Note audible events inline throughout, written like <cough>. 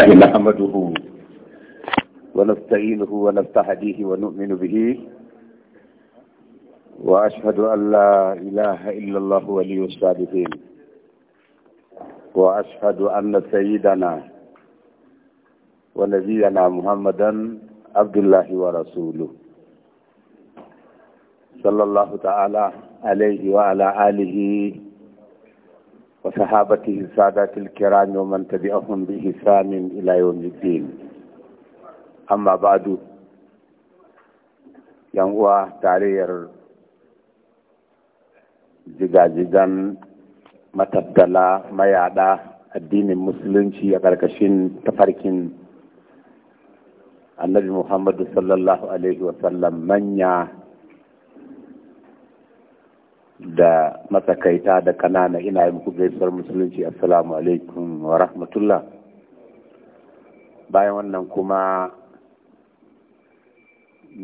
الله نحمده ونستعينه ونستهديه ونؤمن به وأشهد أن لا إله إلا الله ولي الصالحين وأشهد أن سيدنا ونبينا محمدا عبد الله ورسوله صلى الله تعالى عليه وعلى آله وصحابته السادات الكرام ومن تبعهم بإحسان إلى يوم الدين أما بعد ينوى تارير jigajigan matattala mayaɗa addinin musulunci a ƙarƙashin tafarkin annabi muhammadu sallallahu alaihi wasallam manya da matsakaita da kanana ina yi muku gaisuwar musulunci assalamu alaikum wa rahmatullah bayan wannan kuma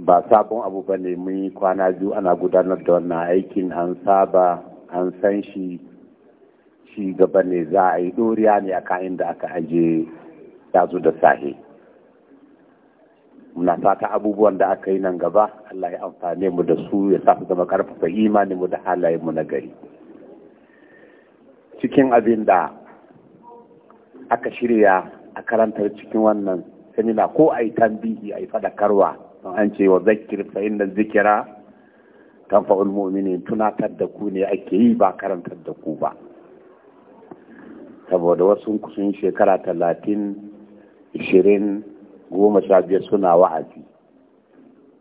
ba sabon abu ba ne mun yi kwana biyu ana gudanar da wannan aikin an saba an san shi shi gaba ne za a yi doriya ne akan da aka aje yazo da sahi muna fata abubuwan da aka yi nan gaba Allah ya amfane mu da su ya sa zama karfafa imanin mu da halayen mu na gari cikin abin da aka shirya a karantar cikin wannan samina ko a yi tambihi a yi fadakarwa don an ce wa zakir fa da zikira fa'ul mu'minin tunatar da ku ne ake yi ba karantar da ku ba saboda wasu kusan shekara talatin ishirin goma sha biyar suna wa'azi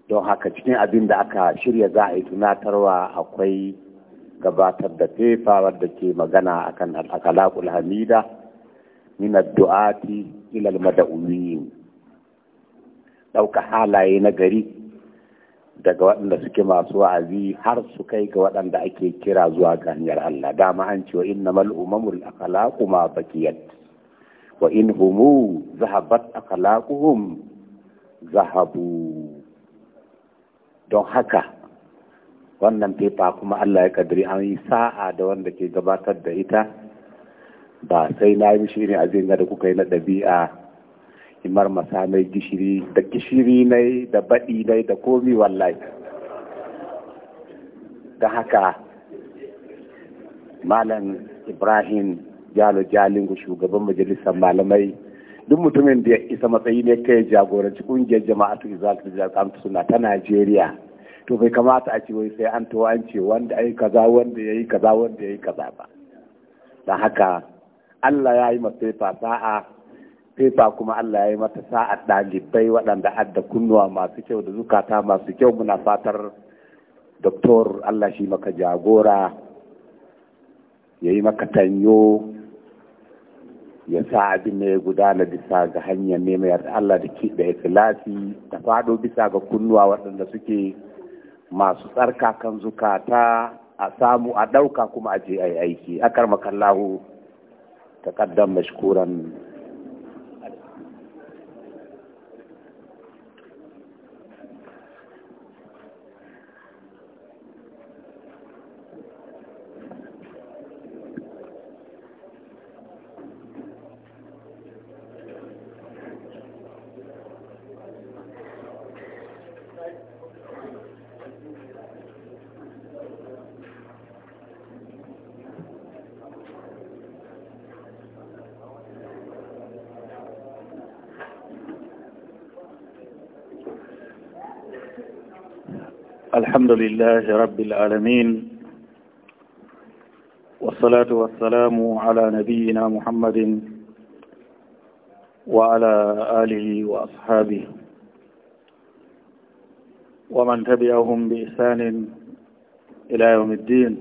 don haka cikin abin da aka shirya za a yi tunatarwa akwai gabatar da fefawar da ke magana akan al'akalakul hamida min addu'ati ila al-mada'umiyin ɗauka halaye na gari daga waɗanda suke masu wa'azi har su kai ga waɗanda ake kira zuwa ga hanyar Allah dama an cewa innamal umamul akhlaqu ma baqiyat wa in humu zahabat akhlaquhum zahabu don haka wannan fefa kuma Allah ya kadiri an yi sa'a da wanda ke gabatar da ita ba sai na yi ne a zai da kuka yi na ɗabi'a imar masa mai gishiri da gishiri nai da baɗi nai da komi wallahi da haka malam ibrahim jalo jalingu shugaban majalisar malamai duk mutumin da ya isa matsayi ne kai jagoranci kungiyar jama'atu da jami'a suna ta Najeriya to bai kamata a ce wai sai an to an ce wanda ai kaza wanda yayi kaza wanda yayi kaza ba dan haka Allah ya yi masa sa'a fefa kuma Allah ya yi mata sa'a ɗalibai waɗanda adda kunnuwa masu kyau da zukata masu kyau muna fatar doktor Allah shi maka jagora ya yi maka tanyo ya abin da ya gudana bisa ga hanyar neman yarda Allah da ki da ikhlasi ta fado bisa ga kunnuwa waɗanda suke masu tsarka kan zukata a samu a ɗauka kuma a je a yi aiki akar makallahu taqaddam mashkuran الحمد لله رب العالمين والصلاة والسلام على نبينا محمد وعلى آله وأصحابه ومن تبعهم بإحسان إلى يوم الدين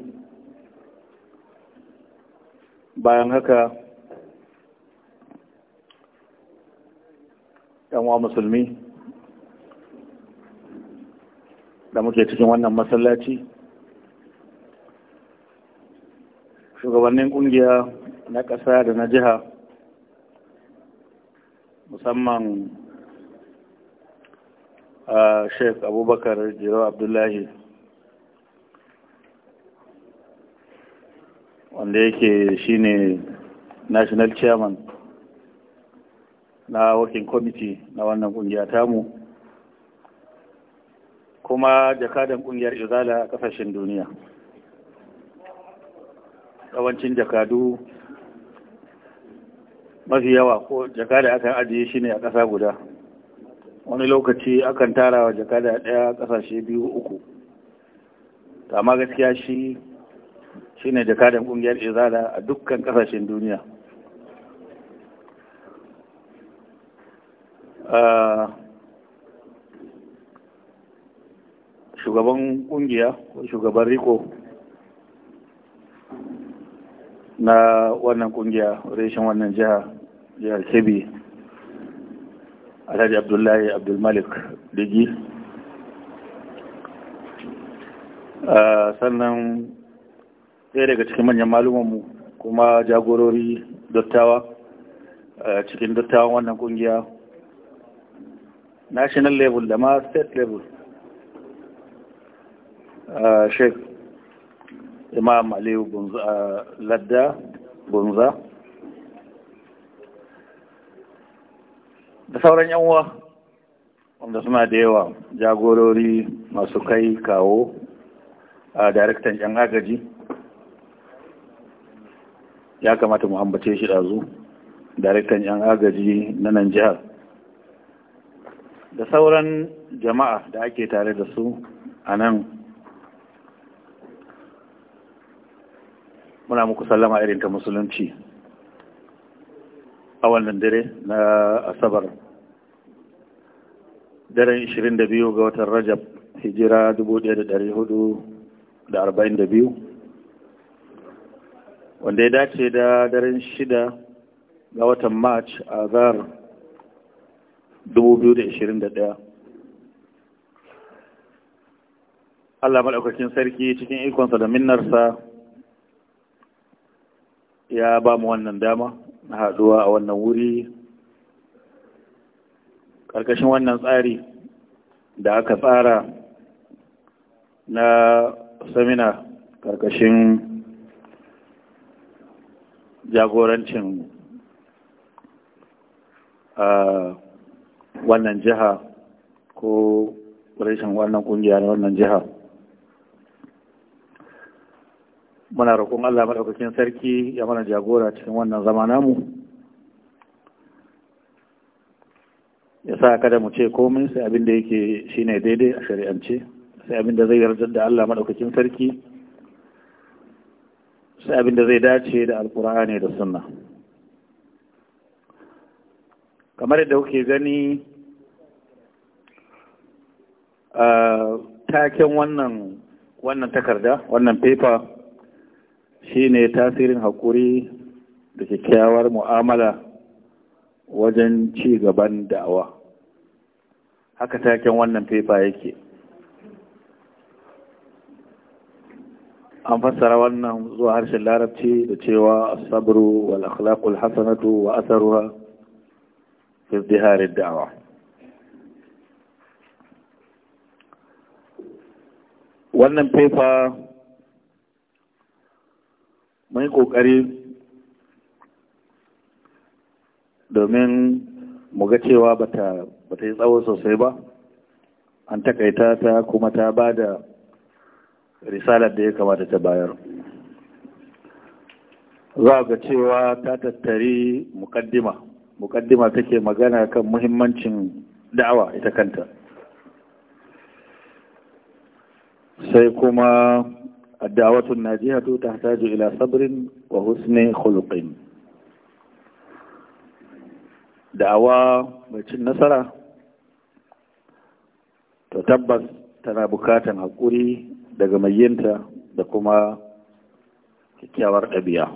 bayan haka ‘yan wa da muke cikin wannan masallaci shugabannin kungiya na ƙasa da na jiha musamman a sheik abubakar jiro abdullahi wanda yake shine national chairman na working committee na wannan kungiya tamu kuma jakadan ƙungiyar izala a ƙasashen duniya yawancin jakadu mafi yawa ko jakada akan ajiye shi ne a ƙasa guda wani lokaci akan tara wa jakada ɗaya ƙasashe biyu uku amma gaskiya shi shi ne jakadan ƙungiyar izala a dukkan ƙasashen duniya ah, shugaban kungiya ko shugaban riko na wannan kungiya reshen wannan jiha jihar kebbi alhaji abdullahi abdulmalik digi sannan ɗaya daga cikin manyan malumanmu kuma jagorori dottawa cikin dottawan wannan kungiya national level da ma state level sheikh imam aliyu ladda bunza da sauran yan wanda suna da yawa jagorori masu kai kawo a daraktan yan agaji ya kamata mu ambace shi ɗazu daraktan yan agaji na nan jihar da sauran jama'a da ake tare da su a nan muna muku sallama irin ta musulunci a wannan dare na asabar daren 22 ga watan rajab hijira 1442 wanda ya dace da daren 6 ga watan march a zar 2021 Allah maɗaukakin sarki cikin ikonsa da minnarsa ya ba mu wannan dama na haɗuwa a wannan wuri ƙarƙashin wannan tsari da aka tsara na samina ƙarƙashin jagorancin a wannan jiha ko rashin wannan ƙungiya na wannan jiha muna roƙon Allah maɗaukakin sarki ya mana jagora cikin wannan zama namu ya sa kada mu ce komai sai abin da yake shine daidai a shari'ance sai abin da zai yarda da Allah maɗaukakin sarki sai abin da zai dace da alkur'ani da sunna kamar yadda kuke gani ah, taken wannan takarda wannan fefa. Shi ne tasirin haƙuri da kyakkyawar mu'amala wajen ci gaban da'awa haka taken wannan fefa yake an fassara wannan zuwa harshen larabci da cewa asabru wal akhlaqul hasanatu wa asaruha fi izdiharid da'wa wannan fefa mun yi ƙoƙari domin mu ga cewa ba ta yi tsawo sosai ba an takaita ta kuma ta ba da risalar da ya kamata ta bayar za ga cewa ta tattari mukaddima mukaddima take magana kan muhimmancin da'awa ita kanta sai kuma الدعوة الناجحة تحتاج إلى صبر وحسن خلق دعوة مجن haƙuri تتبس تنابكات yinta دقمينتا دقما kyakkyawar ɗabi'a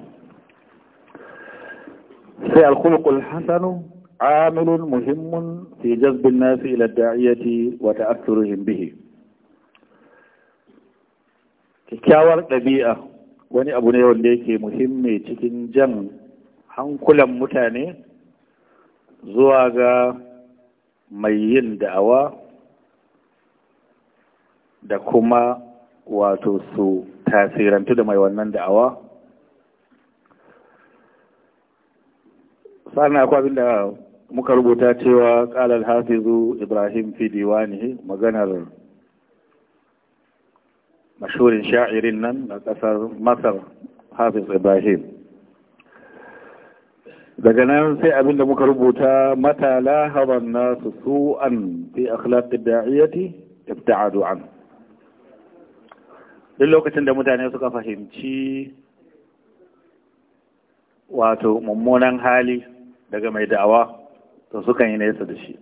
sai alkhulqul hasanu amilun muhimmun fi jazbin nasi ila da'iyati wata ta'assurihim bihi kyakkyawar ɗabi'a wani abu ne wanda yake muhimmi cikin jan hankulan mutane zuwa ga mai yin da'awa da kuma wato su tasirantu da mai wannan da'awa sa'an akwai abin da muka rubuta cewa ƙalar hafizu ibrahim fi diwani maganar mashurin sha'irin nan na ƙasar masar hafiz ibrahim daga nan sai abin da muka rubuta mata laharar nasu su'an fi akhlaqid da'iyati ibta'adu an duk lokacin da mutane suka fahimci wato mummunan hali daga mai da'awa to sukan yi nesa da shi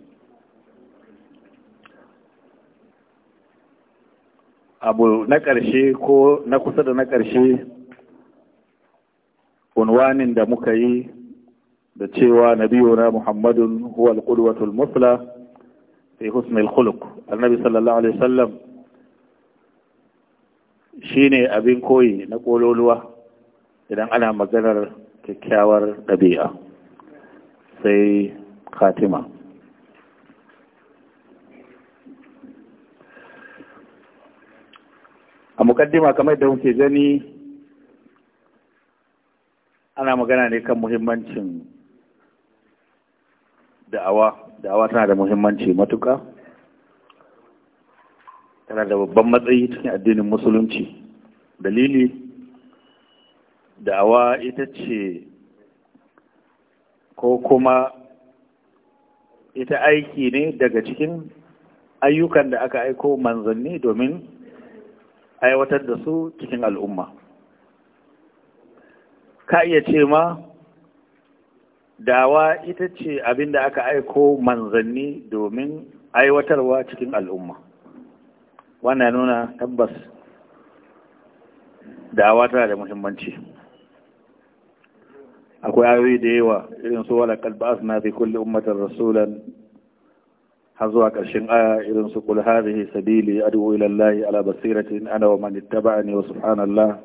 abu na ƙarshe ko na kusa da na ƙarshe unwanin da muka yi da cewa nabiyuna muhammadun huwa alqudwatul musla fi husnil khuluq annabi sallallahu alaihi wasallam shine abin koyi na kololuwa idan ana maganar kyakkyawar ɗabi'a sai khatima mukaddima kamar da muke gani ana magana ne kan muhimmancin da'awa da'awa tana da muhimmanci matuka tana da babban matsayi cikin addinin musulunci dalili da'awa ita ce ko kuma ita aiki ne daga cikin ayyukan da aka aiko manzanni domin aiwatar da su cikin al'umma ka iya ce ma dawa ita ce abin da aka aiko manzanni domin aiwatarwa cikin al'umma wannan nuna tabbas dawa tana da muhimmanci akwai ayoyi da yawa irin su wala kalbas na fi kulli ummatar rasulan har zuwa ƙarshen aya irin su kul hadhihi sabili ad'u ila Allah ala basiratin ana wa man ittaba'ani wa subhanallah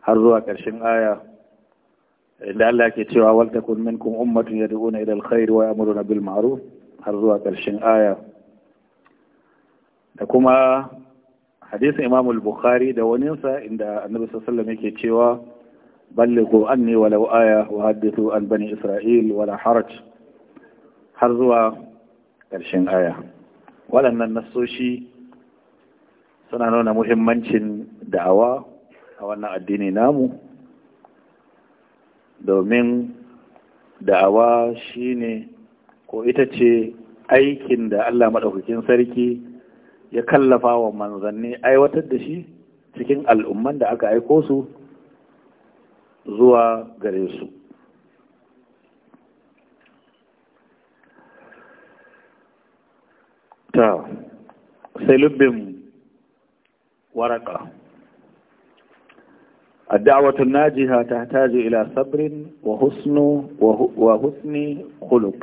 har zuwa ƙarshen aya inda Allah ke cewa wal takun minkum ummatun yad'una ila alkhair wa ya'muruna bil ma'ruf har zuwa ƙarshen aya da kuma hadisin Imam al-Bukhari da sa inda Annabi sallallahu yake cewa ballighu anni walau aya wa hadithu an bani Isra'il wala haraj har zuwa ƙarshen aya waɗannan nasoshi suna nuna muhimmancin da'awa a wannan addini namu domin da'awa shine ko ita ce aikin da Allah maɗaukakin sarki ya kallafa wa manzanni aiwatar da shi cikin al'umman da aka aiko su zuwa gare su ta sai lubbin waraka الدعوة الناجحة تحتاج إلى صبر وحسن وحسن خلق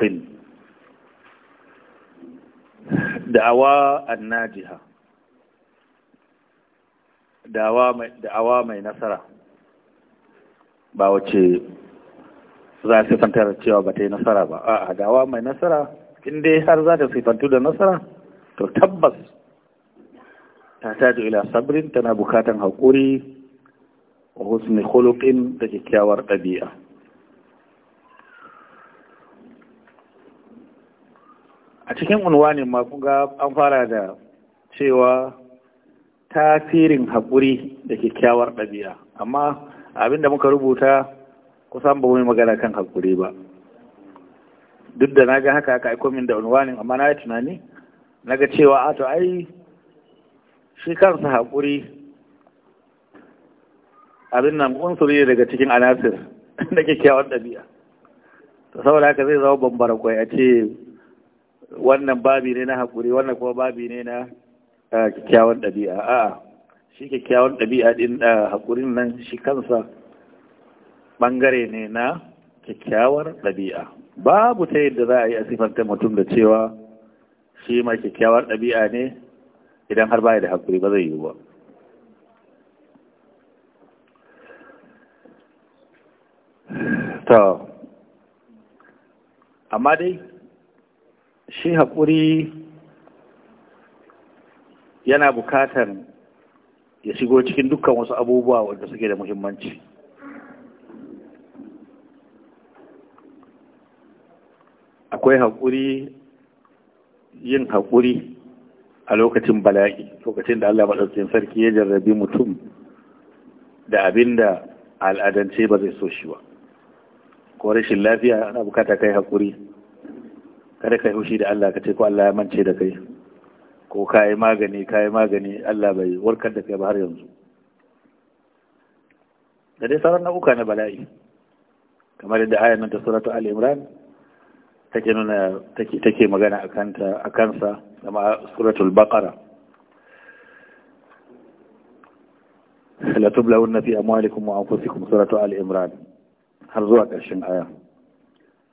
دعوة الناجحة دعوة mai nasara ba wace za su sifantar cewa ba ta yi nasara ba a da'awa mai nasara in dai har za ta sifantu da nasara to tabbas ta tajo ila sabrin tana bukatan haƙuri wa husni khuluqin da kyakkyawar ɗabi'a a cikin unwanin ma kuga an fara da cewa tasirin haƙuri da kyakkyawar ɗabi'a amma abinda muka rubuta kusan ba mu magana kan haƙuri ba duk da na ga haka aka aiko min da unwanin amma na yi tunani na ga cewa a ah, to ai shi kansa haƙuri abin nan unsuri daga cikin anasir da <laughs> kyakkyawar ɗabi'a to saboda haka zai zama bambara kwai a ce wannan babi ne na haƙuri wannan kuma babi ne na kyakkyawar ɗabi'a a'a shi kyakkyawar ɗabi'a ɗin haƙurin nan shi kansa ɓangare ne na kyakkyawar ɗabi'a babu ta yadda za a yi a sifanta mutum da cewa shi ma kyakkyawar ɗabi'a ne idan har baya da haƙuri ba zai yi ba ta amma dai shi haƙuri yana bukatar ya shigo cikin dukkan wasu abubuwa wanda suke da muhimmanci akwai haƙuri yin haƙuri a lokacin bala'i lokacin da Allah maɗaukakin sarki ya jarrabi mutum da abin da al'adance ba zai so shi ba ko rashin lafiya ana bukata kai haƙuri kada kai hushi da Allah ka ce ko Allah ya mance da kai ko ka yi magani ka yi magani Allah bai warkar da kai ba har yanzu da dai sauran nau'uka na bala'i kamar yadda ayan nan ta suratu al-imran take nuna take magana a kanta a kansa kama suratul baqara la tublawunna fi amwalikum wa anfusikum suratul Ali imran har zuwa ƙarshen aya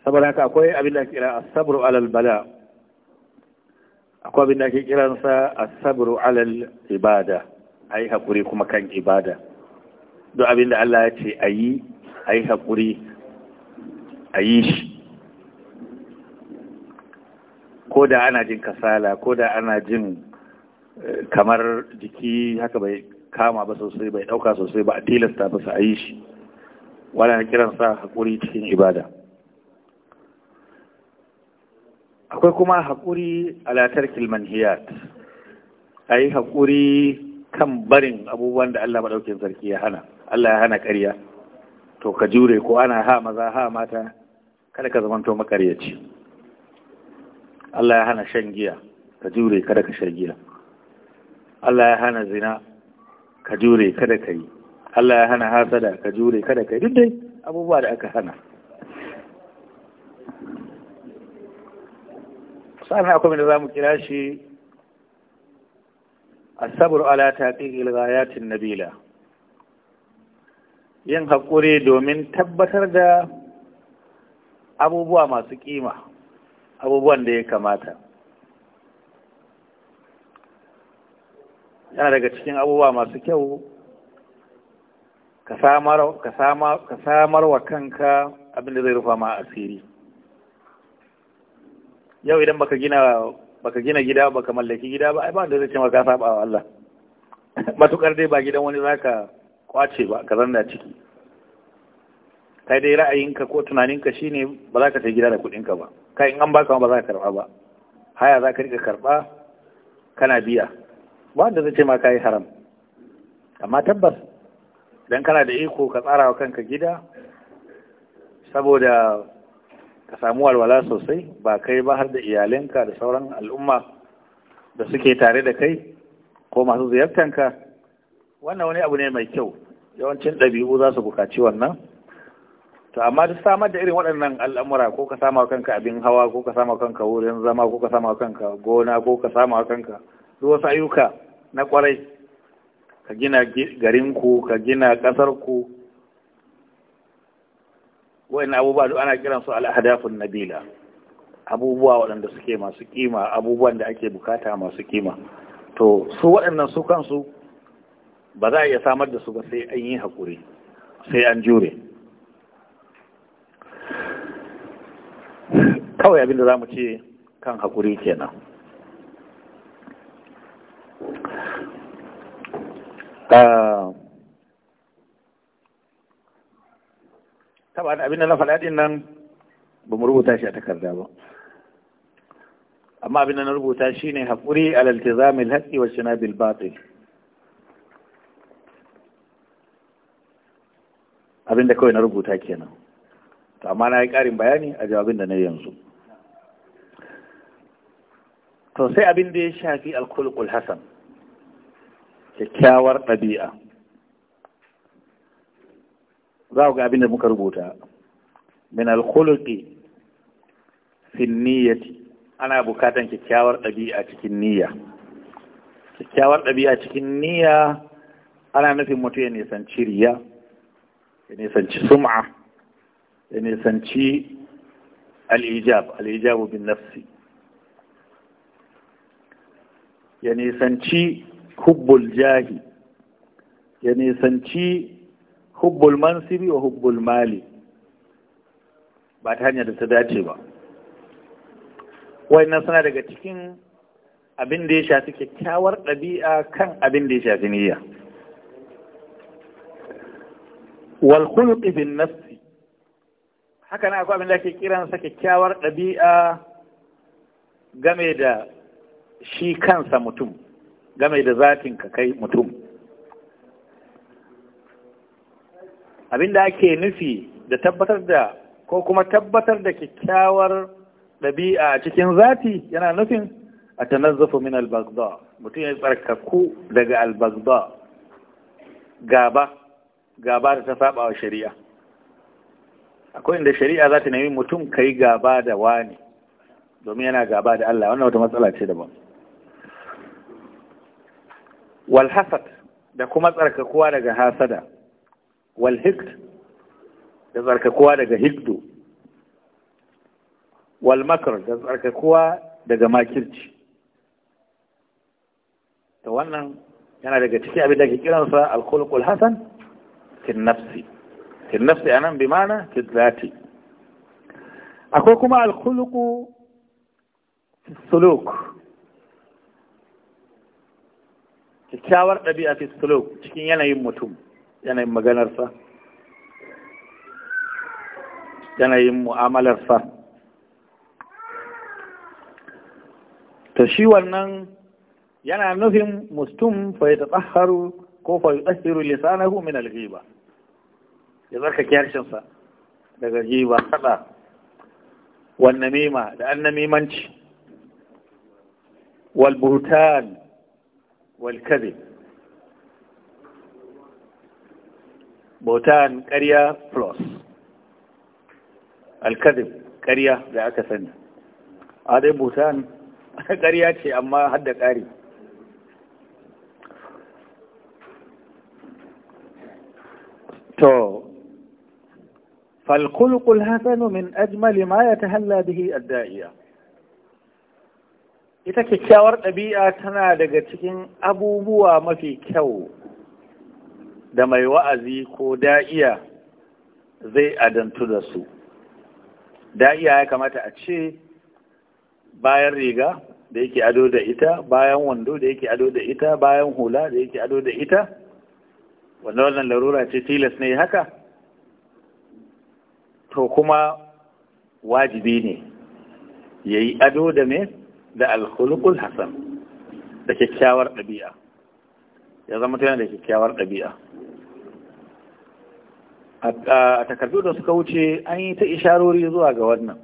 saboda haka akwai abin da kira as-sabru al bala akwai abin da ake sa as-sabru alal ibada ai hakuri kuma kan ibada duk abin da Allah ya ce ayi ai hakuri ayi shi ko da ana jin kasala ko da ana jin eh, kamar jiki haka bai kama ba sosai bai ɗauka sosai ba a tilasta ba su a yi shi wani sa haƙuri cikin ibada akwai kuma haƙuri alatar kilmanhiyat a yi haƙuri kan barin abubuwan da Allah maɗaukin sarki ya hana Allah ya hana ƙarya to ka jure ko ana ha maza ha mata kada ka zamanto makaryaci Allah ya hana shan giya ka jure kada ka sha giya Allah ya hana zina ka jure kada ka yi Allah ya hana hasada ka jure kada ka yi duk dai abubuwa da aka hana sa'an akwai da za mu kira shi asabar ala taqiqil ghayatin nabila yin haƙuri domin tabbatar da abubuwa masu kima abubuwan da ya kamata yana daga cikin abubuwa masu kyau ka samar wa kanka abinda zai rufa ma asiri yau idan baka gina baka gina gida baka mallaki gida ba ai ba da zai ce maka saba wa Allah <laughs> matukar dai ba gidan wani zaka kwace ba ka zanna ciki kai dai ra'ayinka ko tunaninka shine ba za ka ta gida da kuɗinka ba kai in an baka ba za ka karɓa ba haya za ka rika karɓa kana biya ba wanda zai ce ma kai haram amma tabbas idan kana da iko ka tsara wa kanka gida saboda ka samu walwala sosai ba kai ba har da iyalinka da sauran al'umma da suke tare da kai ko masu ziyartanka wannan wani abu ne mai kyau yawancin ɗabi'u za su bukaci wannan to amma duk samar da irin waɗannan al'amura ko ka sama kanka abin hawa ko ka sama kanka wurin zama ko ka sama kanka gona ko ka sama kanka duk wasu ayyuka na kwarai ka gina garinku ka gina ƙasarku wa'in abubuwa duk ana kiransu al'adafin nabila abubuwa waɗanda suke masu kima abubuwan da ake bukata masu kima to su waɗannan su kansu ba za a iya samar da su ba sai an yi hakuri sai an jure kawai abinda za mu ce kan haƙuri kenan ah, taba da abinda na faɗaɗin nan ba mu rubuta shi a takarda ba amma abinda na rubuta shi ne haƙuri alaltizamil haƙi wa shinabil abin abinda kawai na rubuta kenan to amma na yi ƙarin bayani a jawabin da na yanzu to sai abin da ya shafi alkulkul hasan kyakkyawar ɗabi'a za ku ga abin da muka rubuta min alkulki fin niyyati ana bukatan kyakkyawar ɗabi'a cikin niyya kyakkyawar ɗabi'a cikin niyya ana nufin mutu ya nisanci riya ya nisanci sum'a da nisanci al'ijab al'ijabu bin nafsi ya nisanci hubbul jahi ya nisanci hubbul mansibi wa hubbul mali ba ta hanyar da ta dace ba wannan suna daga cikin abin da ya shafi kyakkyawar ɗabi'a kan abin da ya shafi niyya wal khuluqi bin nafs haka na akwai abin da ake kiransa kyakkyawar ɗabi'a game da shi kansa mutum game da zatin ka kai mutum abin da ake nufi da tabbatar da ko kuma tabbatar da kyakkyawar ɗabi'a cikin zafi yana nufin a tanazzafu min albagda mutum ya tsarkaku daga albagda gaba gaba da ta saba wa shari'a akwai inda shari'a za ta nemi mutum ka yi gaba da wani domin yana gaba da Allah wannan wata matsala ce daban wal hasad da kuma tsarkakuwa daga hasada wal hikd da tsarkakuwa daga hikdu wal makar da tsarkakuwa daga makirci ta wannan yana daga cikin abin da ke kiransa alkulkul hasan kin nafsi fil nafsi anan bi mana fil zati akwai kuma alkuluku fi suluk kyakkyawar ɗabi'a fi suluk cikin yanayin mutum yanayin maganarsa yanayin mu'amalarsa to shi wannan yana nufin mustum fa ya ko fa ya lisanahu min al-ghiba ya tsarkake harshensa daga ba sada wannan mima da an namimanci wal buhutan wal kadhib buhutan ƙarya plus al kadhib ƙarya da aka sani a dai buhutan <laughs> ƙarya ce amma har da ƙari to فالخلق الحسن من أجمل ما يتهلى به Da'iya? ita kyakkyawar ɗabi'a tana daga cikin abubuwa mafi kyau da mai wa'azi ko da'iya zai adantu da su da'iya ya kamata a ce bayan riga da yake ado da ita bayan wando da yake ado da ita bayan hula da yake ado da ita wannan wannan larura ce tilas ne haka to kuma wajibi ne ya yi ado da me da alkhulukul hasan da kyakkyawar ɗabi'a ya zama tana da kyakkyawar ɗabi'a a takardu da suka wuce an yi ta isharori zuwa ga wannan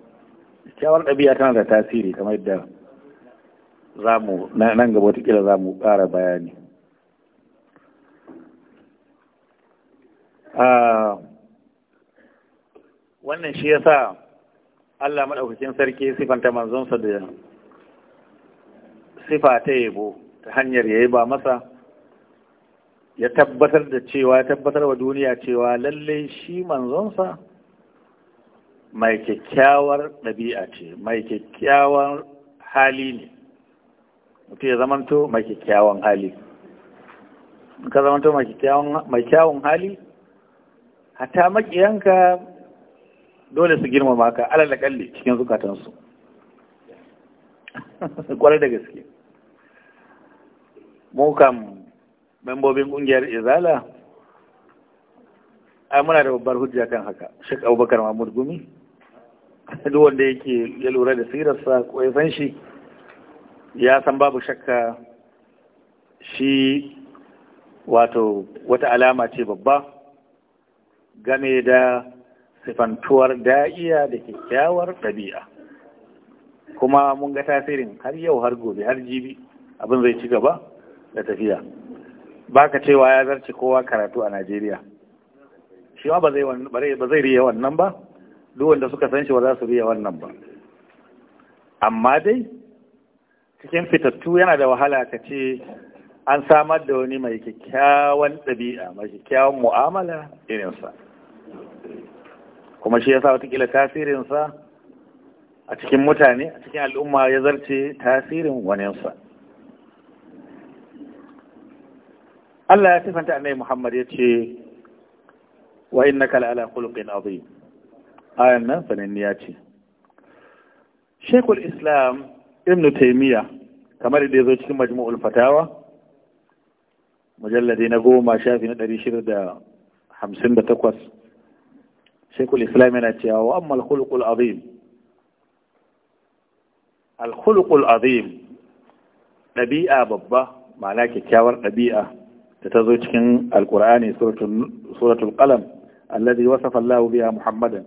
kyakkyawar ɗabi'a tana da tasiri kamar yadda zamu nan gaba watakila za mu ƙara bayani ah, wannan shi yasa Allah madaukakin sarki sifanta manzonsa da sifa ta yabo ta hanyar yayi ba masa ya tabbatar da cewa ya tabbatar wa duniya cewa lalle shi manzonsa mai kyakkyawar ɗabi'a ce mai kyakkyawar hali ne mutum ya zamanto mai kyakkyawan hali ka zamanto mai kyakkyawan hali hatta makiyanka dole su girmama ka alal kalli cikin zukatansu <laughs> kwarai da gaske mu membobin kungiyar izala ai muna da babbar hujja kan haka shek abubakar mahmud gumi <laughs> duk wanda yake ya lura da sirarsa ko ya san shi ya san babu shakka shi wato wata alama ce babba game da sifantuwar da'iya da kyakkyawar ɗabi'a kuma mun ga tasirin har yau har gobe har jibi abin zai ci gaba da tafiya ba ka cewa ya zarce kowa karatu a najeriya shi ba zai riya wannan ba duk wanda suka san shi ba za su riya wannan ba amma dai cikin fitattu yana da wahala ka ce an samar da wani mai kyakkyawan ɗabi'a mai kyakkyawan mu'amala irinsa kuma shi yasa watakila tasirinsa a cikin mutane a cikin al'umma ya zarce tasirin waninsa Allah ya sifanta annai Muhammad ya ce wa innaka la'ala khuluqin azim ayan nan ya ce shekul Islam Ibn taimiyya kamar da ya zo cikin Majmu'ul Fatawa mujalladi na goma shafi na ɗari shekul islam yana cewa wa amma alkhuluqul azim alkhuluqul azim ɗabi'a babba ma'ana kyakkyawar ɗabi'a da ta zo cikin alkur'ani suratul qalam alladhi wasafa Allah biha Muhammadan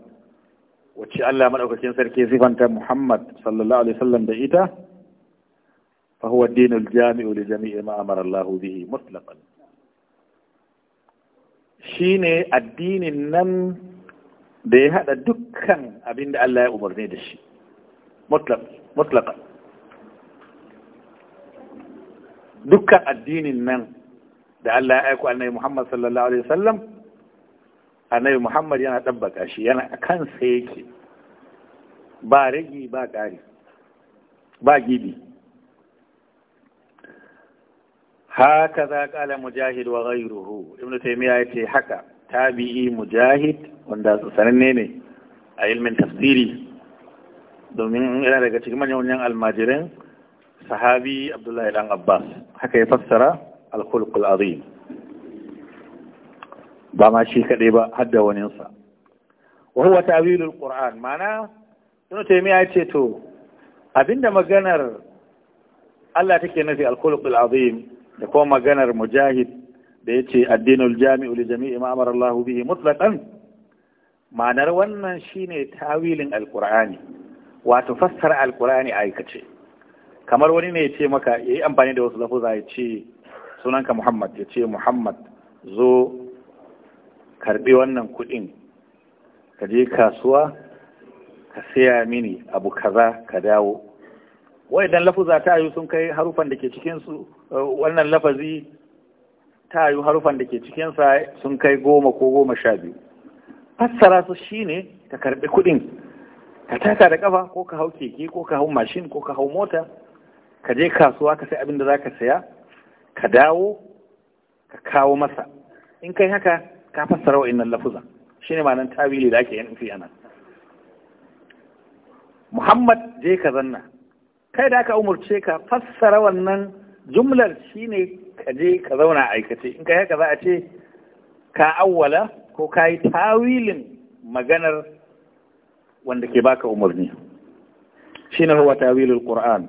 wacce Allah madaukakin sarki sifanta Muhammad sallallahu alaihi wasallam da ita fa huwa dinul jami'u li jami'i ma amara Allah bihi mutlaqan shine addinin nan da ya haɗa dukkan abin da Allah ya umarni da shi mutlaka dukkan addinin nan da Allah ya aiko annabi Muhammad sallallahu alaihi wasallam annabi Muhammad yana dabbaka shi yana kansa yake ba ragi ba ƙari ba gidi haka za ƙala mujahid wa ghayruhu ibnu taymiyyah yace haka tabi'i mujahid wanda sananne ne a ilmin tafsiri domin yana daga cikin manyan almajirin sahabi abdullahi dan abbas haka ya fassara alkhulqul azim ba ma shi kaɗai ba hadda waninsa wa huwa tawilul qur'an mana ibn taymiya ya ce to abinda maganar Allah take nufi alkhulqul azim da kuma maganar mujahid da ya ce addinul jami'u li jami'i ma amara Allah bihi mutlaqan ma'anar wannan shine tawilin alqur'ani wato fassara alqur'ani aikace kamar wani ne ya ce maka yayi amfani da wasu lafuza ya ce sunanka Muhammad ya ce Muhammad zo karbi wannan kuɗin ka je kasuwa ka saya mini abu kaza ka dawo idan lafuza ta yi sun kai harufan da ke cikin su wannan lafazi ta yi harufan da ke cikinsa sun kai goma ko goma sha biyu fassara su shi ne ka karbi kuɗin ka taka da kafa ko ka hau keke ko ka hau mashin ko ka hau mota ka je kasuwa ka sai abin da za ka saya ka dawo ka kawo masa in kai haka ka fassara wa wa'innan lafuzan Shi shine ma'anar tawili da ake yin fi anan Muhammad je ka zanna kai da aka umarce ka fassara wannan jumlar shine ka je ka zauna aikace in ka haka za a ce ka awwala ko ka yi tawilin maganar wanda ke baka umarni shine huwa tawilul qur'an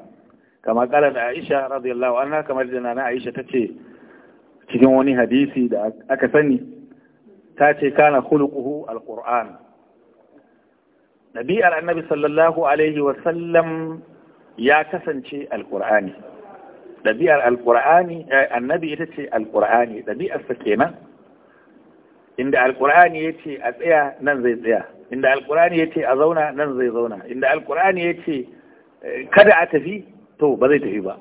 kama kala da Aisha radiyallahu anha kamar da nana Aisha tace cikin wani hadisi da aka sani ta ce kana khuluquhu alquran nabi annabi sallallahu alaihi wa ya kasance alqur'ani ɗabi'ar alƙur'ani eh, annabi ita ce alƙur'ani ɗabi'arsa kenan inda alƙur'ani ya ce a tsaya nan zai tsaya inda alƙur'ani ya ce a zauna nan zai zauna inda alƙur'ani ya ce eh, kada a tafi to ba zai tafi ba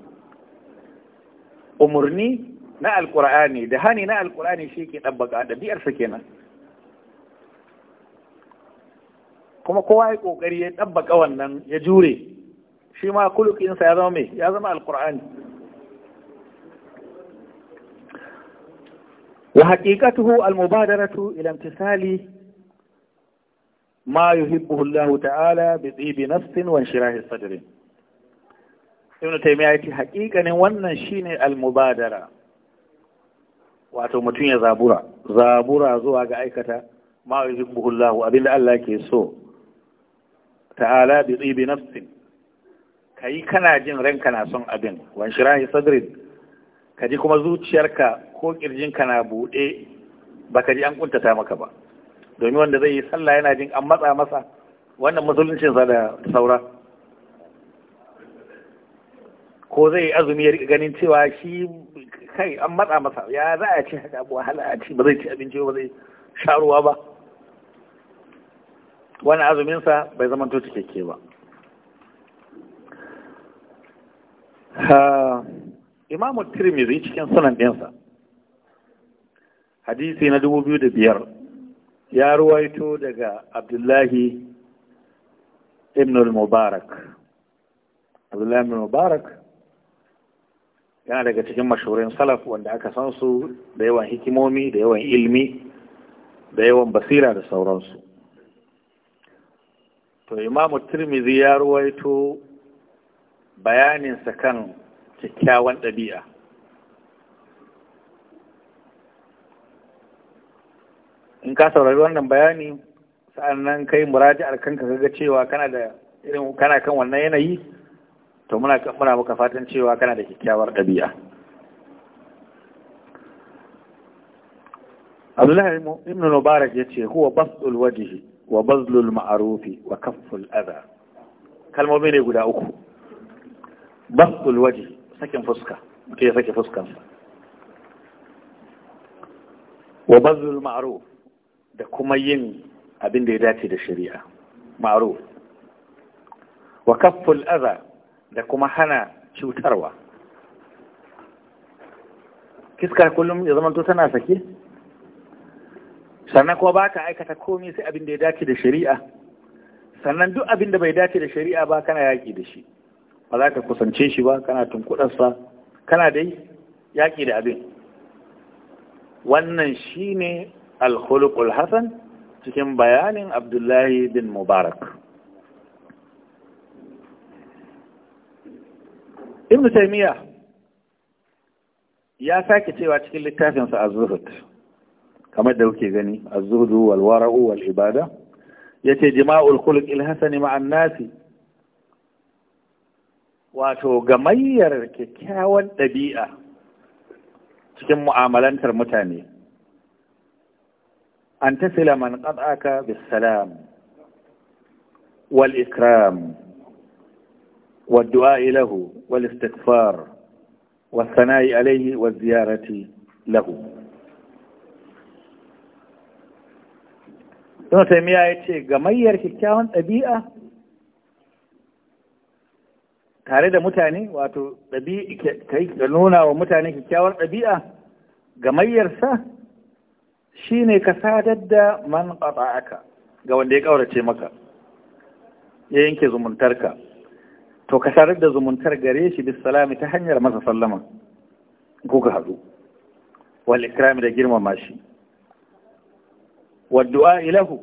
umarni na alƙur'ani da hani na alƙur'ani shi ke ɗabbaka ɗabi'arsa kenan kuma kowa ya ƙoƙari ya ɗabbaka wannan ya jure shi ma kulukinsa ya zama mai ya zama alƙur'ani وحقيقته المبادرة إلى امتثال ما يحبه الله تعالى بطيب نفس وانشراح الصدر ابن تيمية حقيقة وانا شين المبادرة wato mutum ya zabura zabura zuwa ga aikata ma yuhibbuhullahu abinda Allah ke so ta'ala bi tsibi nafsin kai kana jin ranka na son abin wan shirahi ka ji kuma zuciyarka ko kirjinka na buɗe baka ji an kuntata maka ba domin wanda zai yi sallah yana jin an matsa masa wannan musuluncinsa da saura ko zai azumi ya ganin cewa shi kai an matsa masa ya za a ci haka wahala a ci ba zai ci abinci ba zai sha ruwa ba wani azuminsa bai zama to cikakke ba ah, imamu tirmidhi cikin sunan ɗinsa hadisi na dubu biyu da biyar ya ruwaito daga abdullahi ibn al-mubarak abdullahi ibn al-mubarak yana daga cikin mashahurin salaf wanda aka san su da yawan hikimomi da yawan ilmi da yawan basira da sauransu to imamu tirmidhi ya ruwaito bayaninsa kan kyakkyawan ɗabi'a in ka saurari wannan bayani sa'annan kai muraji'ar kanka kaga cewa kana da irin kana kan wannan yanayi to muna muna maka fatan cewa kana da kyakkyawar ɗabi'a Abdullahi ibn Mubarak yace huwa basdul wajhi wa bazlul ma'rufi wa kafful adha kalmomi ne guda uku basdul wajhi sakin fuska mutum ya sake fuskansa wa bazlul ma'ruf da kuma yin abin da ya dace da shari'a maro. wa kafful aza da kuma hana cutarwa kiska kullum ya zamanto tana sake sannan kuma ba ka aikata komai sai abin da ya dace da shari'a sannan duk abin da bai dace da shari'a ba kana yaƙi da shi ba za ka kusance shi ba kana tunkuɗarsa kana dai yaƙi da abin wannan shi ne alkhuluqul hassan cikin bayanin abdullahi bin mubarak ibn taymiya ya sake cewa cikin littafinsa az-zuhd kamar da kuke gani az-zuhd wal wara'u wal ibada yace jima'ul khuluq al-hasan ma'an nasi wato gamayyar kyakkyawan ɗabi'a cikin mu'amalantar mutane أن تصل من قطعك بالسلام والإكرام والدعاء له والاستغفار والثناء عليه والزيارة له Ibn Taymiyyah ya ce gamayyar kyakkyawan ɗabi'a tare da mutane wato ɗabi'a ka nuna wa mutane kyakkyawar ɗabi'a gamayyarsa ne ka sadar da man qata'aka ga wanda ya ƙaurace maka ya yanke zumuntarka to ka sadar da zumuntar gare shi bis salami ta hanyar masa sallama ko ka haɗu wal ikrami da girmama shi wa du'a ilahu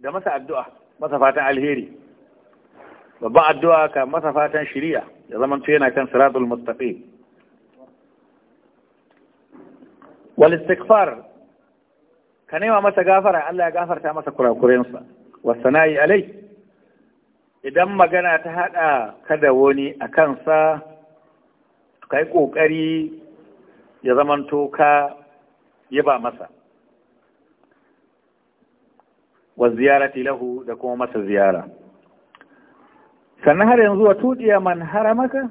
da masa addu'a masa fatan alheri babban addu'a ka masa fatan shiriya ya zama to yana kan siratul mustaqim wal istighfar ka nema masa gafara Allah ya gafarta masa kurakurensa wasana'i alai idan magana ta haɗa kada wani a kansa ka yi ƙoƙari ya zamanto ka ba masa wa ziyarati lahu da kuma masa ziyara sannan har yanzu wa tuɗiya man haramaka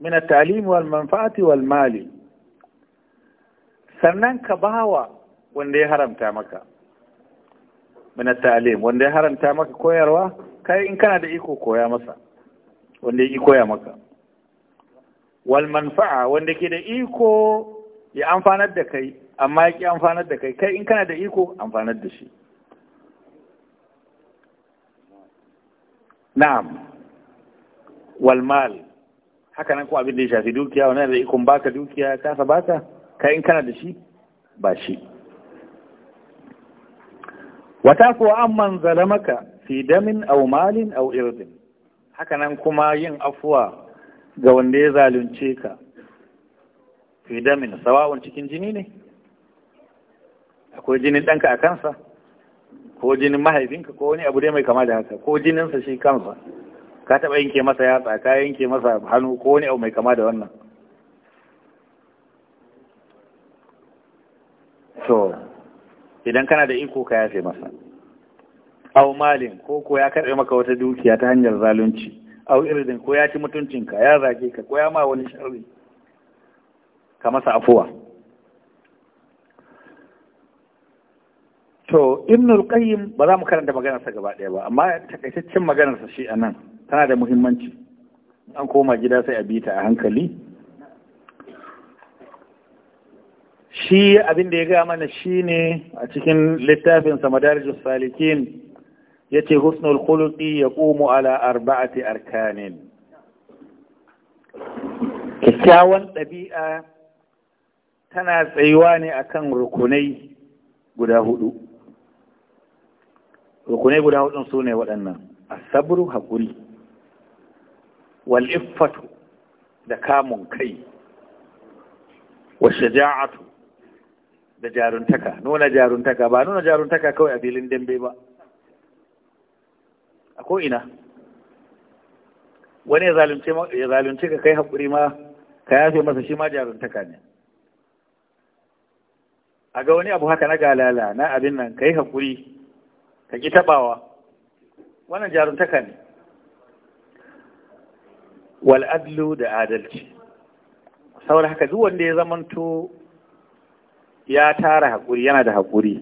min at-talim wal manfa'ati wal mali sannan ka bawa wanda ya haramta maka Minat ta'lim wanda ya haramta maka koyarwa kai in kana da iko koya masa wanda yake koya maka wal manfa'a wanda ke da iko ya amfanar da kai amma ya ki amfanar da kai kai in kana da iko amfanar da shi na'am wal mal haka nan ko abin da ya shafi dukiya wannan da ikon baka dukiya kasa baka kai in kana da shi ba shi wata ko amman zalamaka fi damin aw malin aw irdin hakanan kuma yin afuwa ga wanda ya zalunce ka fi damin sawa'un cikin jini ne akwai jinin ɗanka a kansa ko jinin mahaifinka ko wani abu dai mai kama da haka ko jininsa shi kansa ka taɓa yanke masa yatsa ka yanke masa hannu ko wani abu mai kama da wannan to idan kana da iko ka yafe masa au malin ko ko ya karbe maka wata dukiya ta hanyar zalunci au irin ko ya ci mutuncinka ya zage ka ko ya ma wani sharri ka masa afuwa to ibnul qayyim ba za mu karanta maganarsa gaba ɗaya ba amma takaitaccen maganarsa shi anan tana da muhimmanci an koma gida sai a bita a hankali shi abin da ya gaya mana shi ne a cikin littafinsa madarijus salikin ya ce husnul khuluqi ya ƙumu ala arba'ati arkanin kyakkyawan ɗabi'a tana tsayuwa ne akan rukunai guda hudu rukunai guda hudun su ne waɗannan asabru haƙuri waliffatu da kamun kai wa shaja'atu da jaruntaka nuna jaruntaka ba nuna jaruntaka kawai a filin dambe ba a ko'ina wani ya zalunce ka kai haƙuri ma ka yafe masa shi ma jaruntaka ne a ga wani abu haka na galala na abin nan ka yi haƙuri ka ƙi taɓawa wannan jaruntaka ne wal'adlu da adalci saboda haka duk wanda ya zamanto ya tara haƙuri yana da haƙuri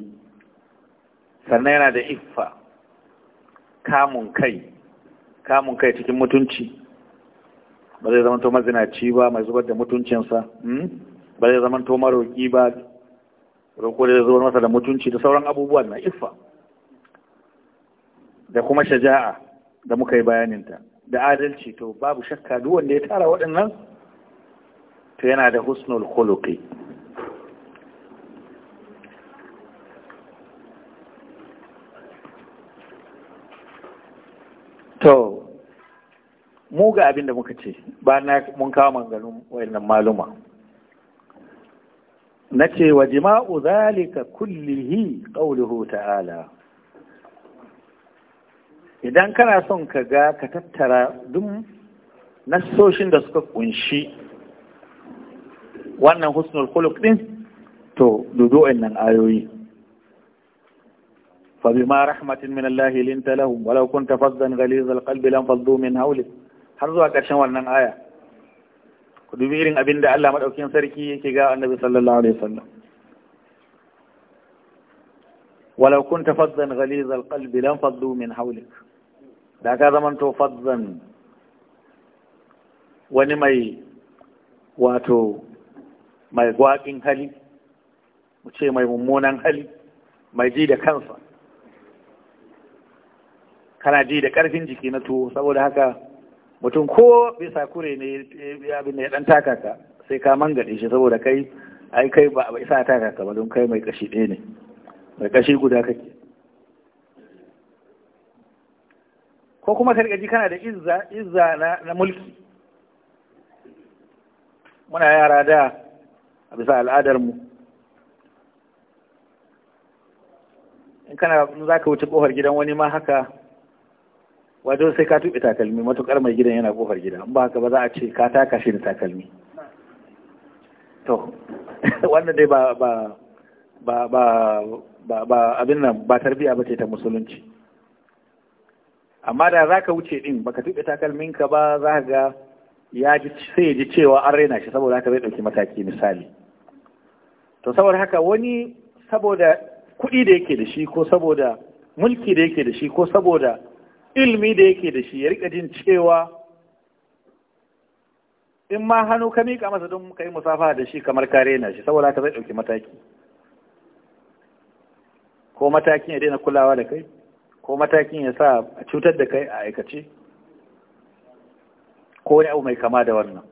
sannan yana da iffa kamun kai kamun kai cikin mutunci ba zai zamanto mazinaci ba mai zubar da mutuncinsa hmm? ba zai zamanto maroƙi ba roƙo da zuwa masa da mutunci da sauran abubuwan na iffa da kuma shaja'a da muka yi bayaninta da adalci to babu shakka duk wanda ya tara waɗannan to yana da husnul khuluqi to mu ga abin da muka ce ba na mun kawo manganun wayannan maluma na ce wa jima'u zalika kullihi qauluhu ta'ala idan kana son ka ga ka tattara duk nassoshin da suka kunshi wannan husnul khuluq din to dudu’in nan ayoyi فبما رحمة من الله لنت لهم ولو كنت فظا غليظ القلب لانفضوا من حولك har zuwa ƙarshen wannan aya ku dubi irin abin da Allah maɗaukin sarki yake ga Annabi sallallahu alaihi wasallam walau kunta faddan ghaliz alqalb lan faddu min hawlik da ka zaman to faddan wani mai wato mai gwaƙin hali mu ce mai mummunan hali mai ji da kansa kana ji da ƙarfin jiki na tuwo saboda haka mutum ko bisa kure ne eh, abin da ya dan taka ka sai ka mangade shi saboda kai ai kai ba isa taka ka ba don kai mai kashi ɗaya ne mai kashi guda kake ko kuma ka ji kana da izza izza na mulki muna yara da a bisa al'adarmu. in kana za ka wuce ƙofar gidan wani ma haka wato sai ka tuɓe takalmi matuƙar mai gidan yana ƙofar gida in ba haka ba za a ce ka taka shi da takalmi to <laughs> wannan dai ba ba ba abin nan ba tarbiya ba ce ta musulunci amma da za ka wuce ɗin baka tuɓe takalmin ka ba za ka ga ya ji sai ya ji cewa an raina shi saboda haka zai ɗauki mataki misali to saboda haka wani saboda kuɗi da yake da shi ko saboda mulki da yake da shi ko saboda ilmi da yake da shi ya rika jin cewa in ma hannu ka miƙa masa don ka yi musafa da shi kamar kare na shi saboda ka zai ɗauki mataki ko matakin ya daina kulawa da kai ko matakin ya sa a cutar da kai a aikace ko wani abu mai kama da wannan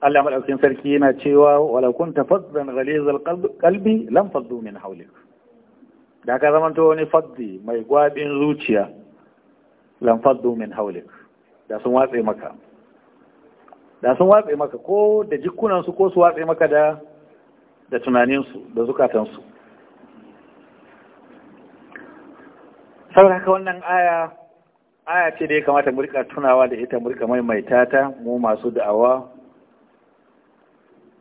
Allah maɗaukin sarki yana cewa walakun tafas faddan ghalizal qalbi lam faddu min hawlik da ka zamanta wani faddi mai gwabin zuciya lan faddu min haulik da sun watse maka da sun watse maka ko da jikunansu ko su watse maka da da tunaninsu da zukatansu saboda haka wannan aya aya ce da ya kamata mu rika tunawa da ita mu rika maimaita ta mu masu da'awa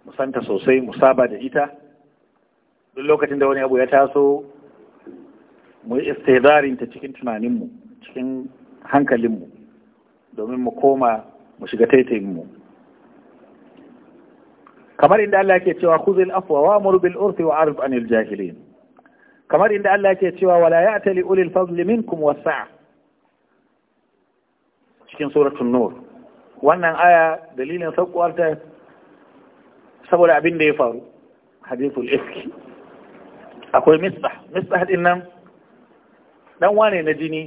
mu santa sosai mu saba da ita duk lokacin da wani abu ya taso mu yi ta cikin tunaninmu cikin hankalinmu domin mu koma mu shiga taitayinmu kamar inda Allah ke cewa khuzil afwa wa bil urfi wa arif anil jahilin kamar inda Allah ke cewa wala ya'ta li ulil fadli minkum sa'a. cikin suratul nur wannan aya dalilin sauƙuwar saboda abin da ya faru hadithul iski akwai misbah misbah din nan dan wane na jini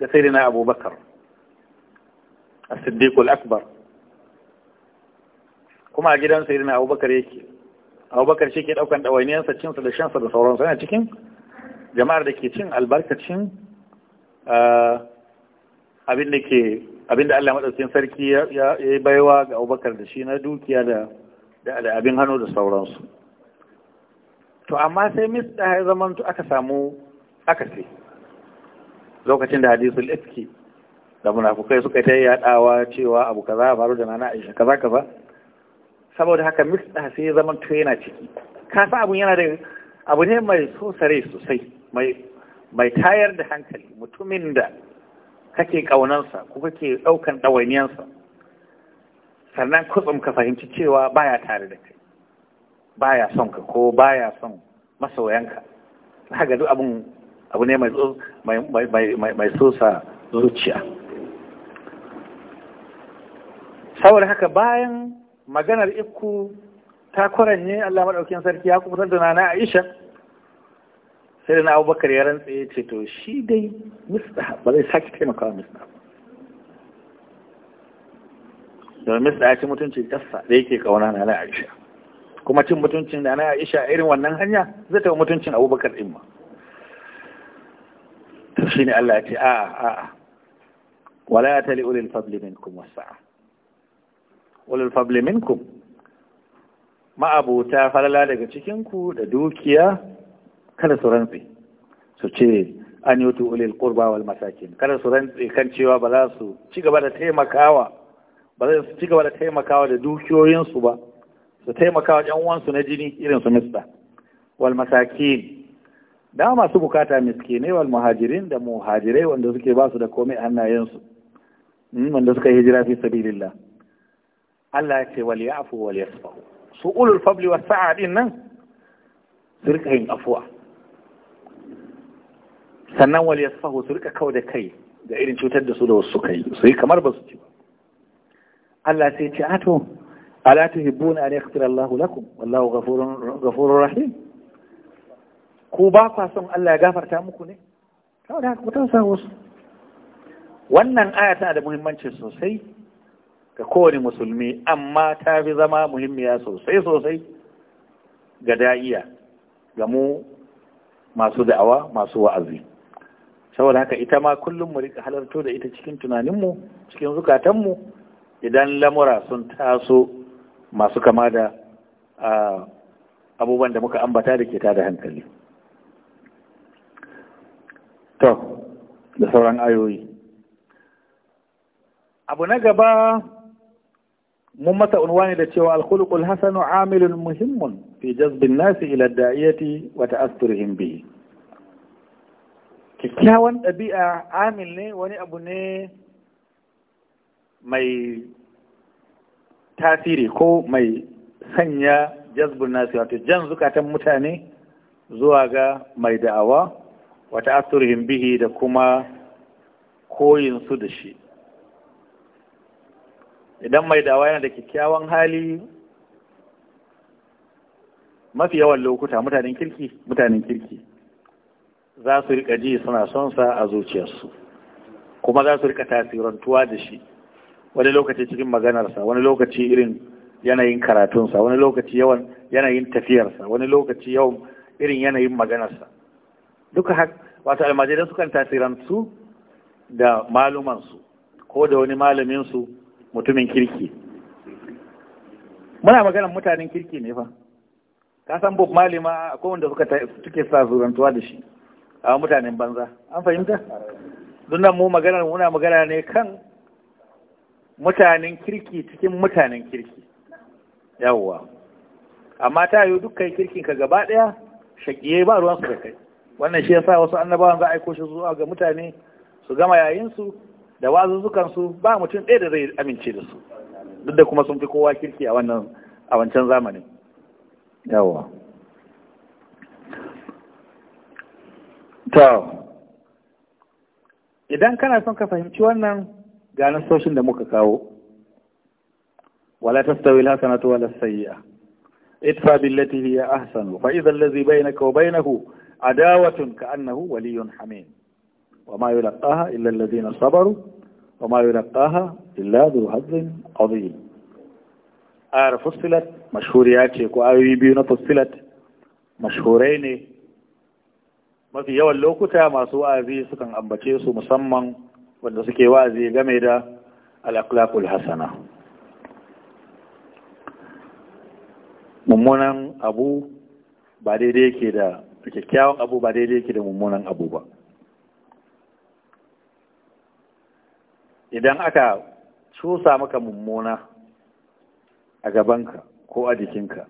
ga sayyidina abubakar as-siddiq al-akbar kuma a gidan sayyidina abubakar yake abubakar shi ke daukan ɗawainiyarsa cinsa da shansa da sauransu yana cikin jama'ar da ke cin albarkacin ah, abin da ke abin da Allah sarki ya yi baiwa ga abubakar da shi na dukiya da da abin hannu da sauransu to amma sai mis da eh, ya zamanto aka samu akasi lokacin da hadisul ifki da munafukai suka ta yadawa cewa abu kaza ya faru da nana aisha kaza kaza saboda haka misda sai ya zama to yana ciki ka sa abun yana da abu ne mai so sosai mai mai tayar da hankali mutumin da kake kaunansa ko kake daukan dawainiyansa sannan kutsum ka fahimci cewa baya tare da kai baya son ka ko baya son masoyanka haka duk abun abu ne mai sosa zuciya saboda haka bayan maganar ikku ta ne Allah maɗaukin sarki ya kubutar da na Aisha sai da na abubakar ya rantse ya ce to shi dai misda ba zai sake taimakawa misda domin misda ya ci mutuncin kasa da yake kauna na Aisha kuma cin mutuncin da na Aisha irin wannan hanya zai taɓa mutuncin abubakar ɗin ma shi ne Allah ya ce a a wala ya tali ulil fadli minkum wasa'a ulil fadli minkum ma'abuta falala daga cikinku da dukiya kada su rantsi, su ce an yi ulil qurba wal masakin kada su rantsi kan cewa ba za su ci gaba da taimakawa ba za su ci gaba da taimakawa da dukiyoyinsu ba su taimakawa yan uwansu na jini irin su mista wal masakin da masu bukata miskinai wal muhajirin da muhajirai wanda suke ba su da komai a hannayensu mm, wanda suka hijira fi sabilillah Allah ya ce wal ya'fu wal yasfahu su ulul fadli was sa'a din nan su rika yin afuwa sannan wal yasfahu su rika kau da kai ga irin cutar da su da wasu kai su yi kamar ba su ci ba Allah sai ya ce ato ala tuhibbuna an yaghfira Allahu lakum wallahu ghafurur rahim ko ba kwa son Allah ya gafarta muku ne Kawai da ku tausa wasu wannan aya tana da muhimmanci sosai ga kowane musulmi amma ta fi zama muhimmiya sosai sosai ga da'iya ga mu masu da'awa masu wa'azi saboda haka ita ma kullum mu rika halarto da ita cikin tunaninmu cikin zukatanmu idan lamura sun taso masu kama da ah, abubuwan da muka ambata da ke tada hankali to da sauran ayoyi abu na gaba mun masa unwani da cewa alkhuluqul hasanu amilun muhimmun fi jazbin nasi ila da'iyati wa ta'asturihim bihi kyakkyawan ɗabi'a amil ne wani abu ne mai tasiri ko mai sanya jazbin nasi wato jan zukatan mutane zuwa ga mai da'awa Wata ta'assurihim bihi da kuma koyin su da shi idan mai dawa yana da kyakkyawan hali mafi yawan lokuta mutanen kirki mutanen kirki za su rika ji suna sonsa a zuciyarsu kuma za su rika tasirantuwa da shi wani lokaci cikin maganarsa wani lokaci irin yanayin karatunsa wani lokaci yawan yanayin tafiyarsa wani lokaci yawan irin yanayin maganarsa duka har wato almajirai sukan tasirantu da malumansu ko da wani malaminsu mutumin kirki muna maganar mutanen kirki ne fa ka san bob malima akwai wanda suka suke zurantuwa da shi a mutanen banza an fahimta dunan mu maganar muna magana ne kan mutanen kirki cikin mutanen kirki yawwa amma ta yi dukkan kirkin ka gaba daya shakiye ba ruwan su da kai wannan shi yasa wasu annabawan za a aiko shi zuwa ga mutane su gama yayinsu da wazuzzukansu ba mutum ɗaya da zai amince da su duk da kuma sun fi kowa kirki a wannan a wancan zamanin yawa ta idan kana son ka fahimci wannan ga nasoshin da muka kawo wala tastawi alhasanatu wala sayyi'a itfa billati hiya ahsanu fa idha allazi bainaka wa bainahu adawatun ka annahu waliyun hamim wa ma yulqaha illa alladhina sabaru wa ma yulqaha illa dhu hazzin ayar fussilat mashhuriya ce ko ayoyi biyu na fussilat mashurai ne mafi yawan lokuta masu wa'azi sukan ambace su musamman wanda suke wa'azi game da al-akhlaqul hasana mummunan abu ba daidai yake da Da kyakkyawan abu ba daidai yake da mummunan abu ba idan aka cusa maka mummuna a gabanka ko a jikinka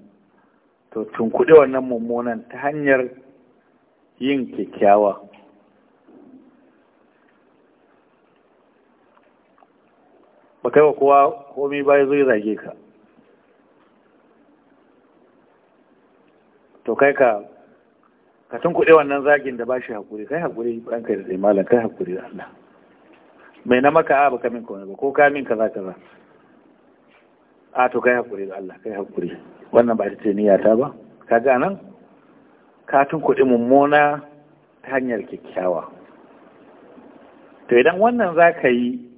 to tunkuɗe wannan mummunan ta hanyar yin kyakkyawa ba kai wa kowa komi ba zai zage ka to kai ka ka san kuɗe wannan zagin da ba shi haƙuri kai haƙuri ranka da zai malam kai haƙuri da Allah mai na maka a ba ka min kawai ba ko ka min kaza kaza a to kai haƙuri da Allah kai haƙuri wannan ba ita ce niyyata ba ka ga nan ka tun kuɗi mummuna ta hanyar kyakkyawa to idan wannan za ka yi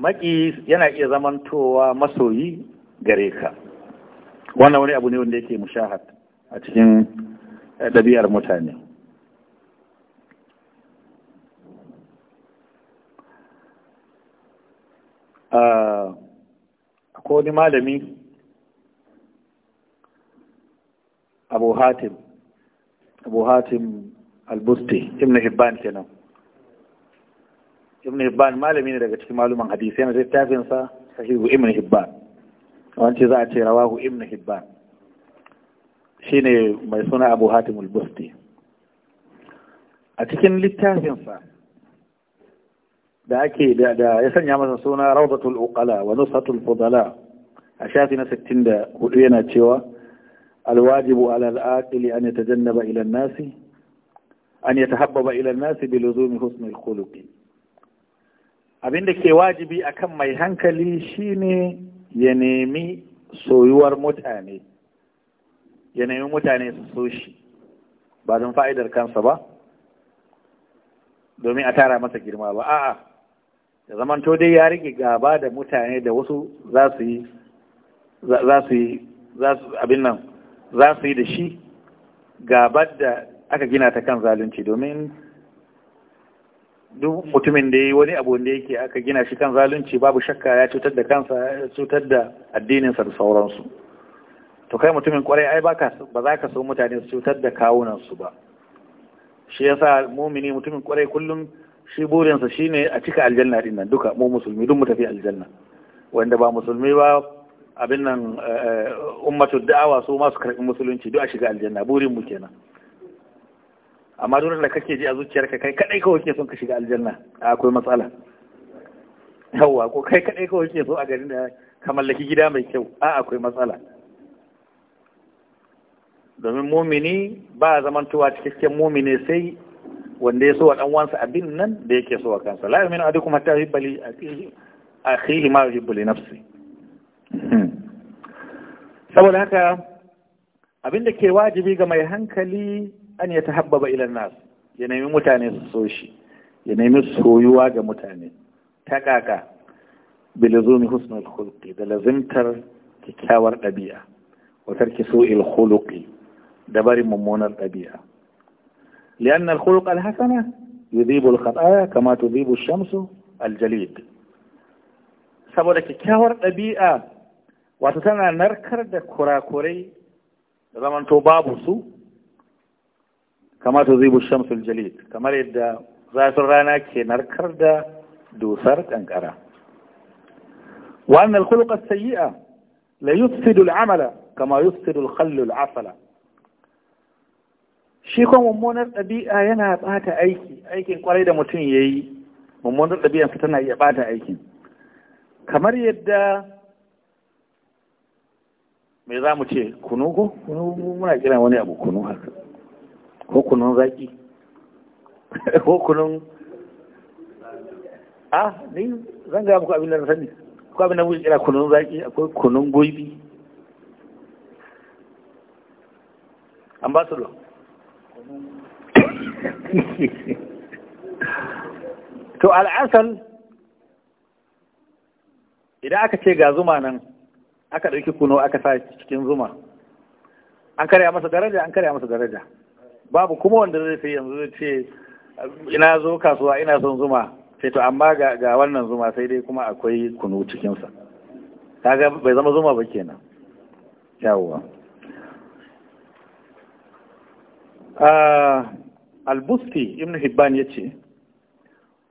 maƙi yana iya zamantowa masoyi gare ka wannan wani abu ne wanda yake mushahad a cikin ɗabi'ar mutane Ko wani malami abu hatim abu hatim albusti ibn hibban kenan ibn hibban malami ne daga cikin maluman hadisi yana littafinsa sahihu ibn hibban Wancan za a ce rawahu ibn hibban Shi ne mai suna abu hatimul busti a cikin littafinsa da ake da ya sanya masa suna rawdatul uqala wa nusatul fudala a shafi na 64 yana cewa alwajibu ala al-aqili an yatajannaba ila an-nasi an yatahabbaba ila an-nasi bi luzumi husn al-khuluq abinda ke wajibi akan mai hankali shine ya nemi soyuwar mutane ya nemi mutane su so shi ba don fa'idar kansa ba domin a tara masa girma ba a da zamanto dai ya rike gaba da mutane da wasu za su yi abin nan za su yi da shi gabar da aka gina ta kan zalunci domin duk mutumin da yi wani abu da yake aka gina shi kan zalunci babu shakka ya cutar da kansa ya cutar da addininsa da sauransu to kai mutumin kwarai ai baka ba za ka so mutane su cutar da kawunan su ba shi yasa mumini mutumin kwarai kullum shi burinsa shine a cika aljanna din nan duka mu musulmi duk mu tafi aljanna wanda ba musulmi ba abin nan eh, eh, ummatu da'awa su ma su karɓi musulunci duk a shiga aljanna burin mu kenan amma duk da kake ji a zuciyarka kai kadai kawai kake son ka shiga aljanna akwai matsala yawwa ko kai kadai kawai kake so a garin da ka mallaki gida mai kyau a akwai matsala domin mumini ba a zaman tuwa cikakken mumini sai wanda ya so wa dan wansa abin nan da yake so wa kansa la yu'minu akhihi ma yuhibbu li nafsi <clears throat> saboda haka abin da ke wajibi ga mai hankali an ya tahabbaba ila nas ya nemi mutane su so shi ya nemi soyuwa ga mutane ta kaka bilizumi husnul khulqi da lazimtar kyakkyawar ɗabi'a wa tarki su'il khuluqi da barin mummunar ɗabi'a li'anna al-khuluq al-hasana yudhibu al shamsu al saboda kyakkyawar ɗabi'a wato tana narkar da kurakurai da zamanto babu su kama tudhibu shamsu al kamar yadda zafin rana ke narkar da dusar kankara وأن الخلق Sayyi'a la kama العمل كما يفسد الخل asala shi kuma mummunar ɗabi'a yana ɓata aiki aikin kwarai da mutum ya yi mummunar ɗabi'a tana iya ɓata aikin kamar yadda mai za mu ce kunu ko kunu muna kira wani abu kunu haka ko kunun zaki <laughs> ko kunun a ni zan gaya muku abin da na sani ko abin da muke kira kunun zaki akwai kunun goibi ambassador to al'asal idan aka ce ga zuma nan aka ɗauki kuno aka sa cikin zuma an karya masa daraja an karya masa daraja babu kuma wanda zai sai yanzu zai ce ina zo kasuwa ina son zuma sai to amma ga wannan zuma sai dai kuma akwai kunu cikinsa kaga bai zama zuma ba kenan yawwa al-busti ibn hibban ya ce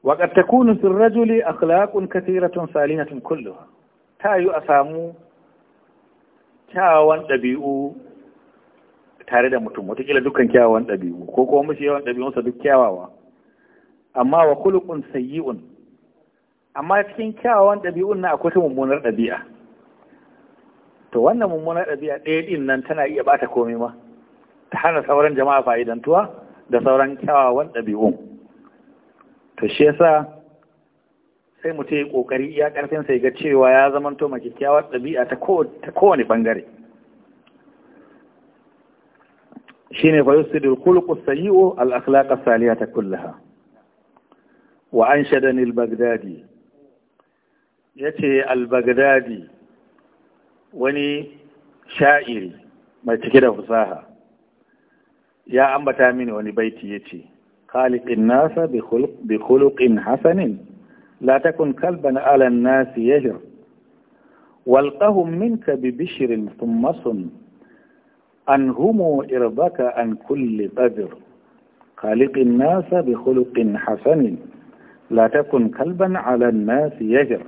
waƙar ta kunin fin rajuli a kulaƙun katiratun salinatun kullum ta yi a samu kyawawan ɗabi'u tare da mutum watakila dukkan kyawawan ɗabi'u ko kuma mashi yawan ɗabi'unsa duk kyawawa amma wa kulukun sayyi'un amma cikin kyawawan ɗabi'un na akwai ta mummunar ɗabi'a to wannan mummunar ɗabi'a ɗaya ɗin nan tana iya bata komai ma Ta hana sauran jama'a fa'idantuwa da sauran kyawawan ɗabi'u. to shi yasa sai mu ce ƙoƙari ya ƙarfin sai ga cewa ya to ma kyakkyawar ɗabi'a ta kowane ɓangare. Shi ne fa yusidul khuluqu sayyi'u al akhlaq Saliya ta kullaha wa an anshadani bagdadi ya ce al baghdadi wani sha'iri mai cike da fusaha. ya ambata mini wani baiti yace khaliqin nasa bi khuluq bi khuluqin hasanin la takun kalban ala an-nas yajr walqahum minka bi bishrin thumma sun anhumu irbaka an kulli qadr خالق الناس بخلق حسن لا تكن كلبا على الناس يجر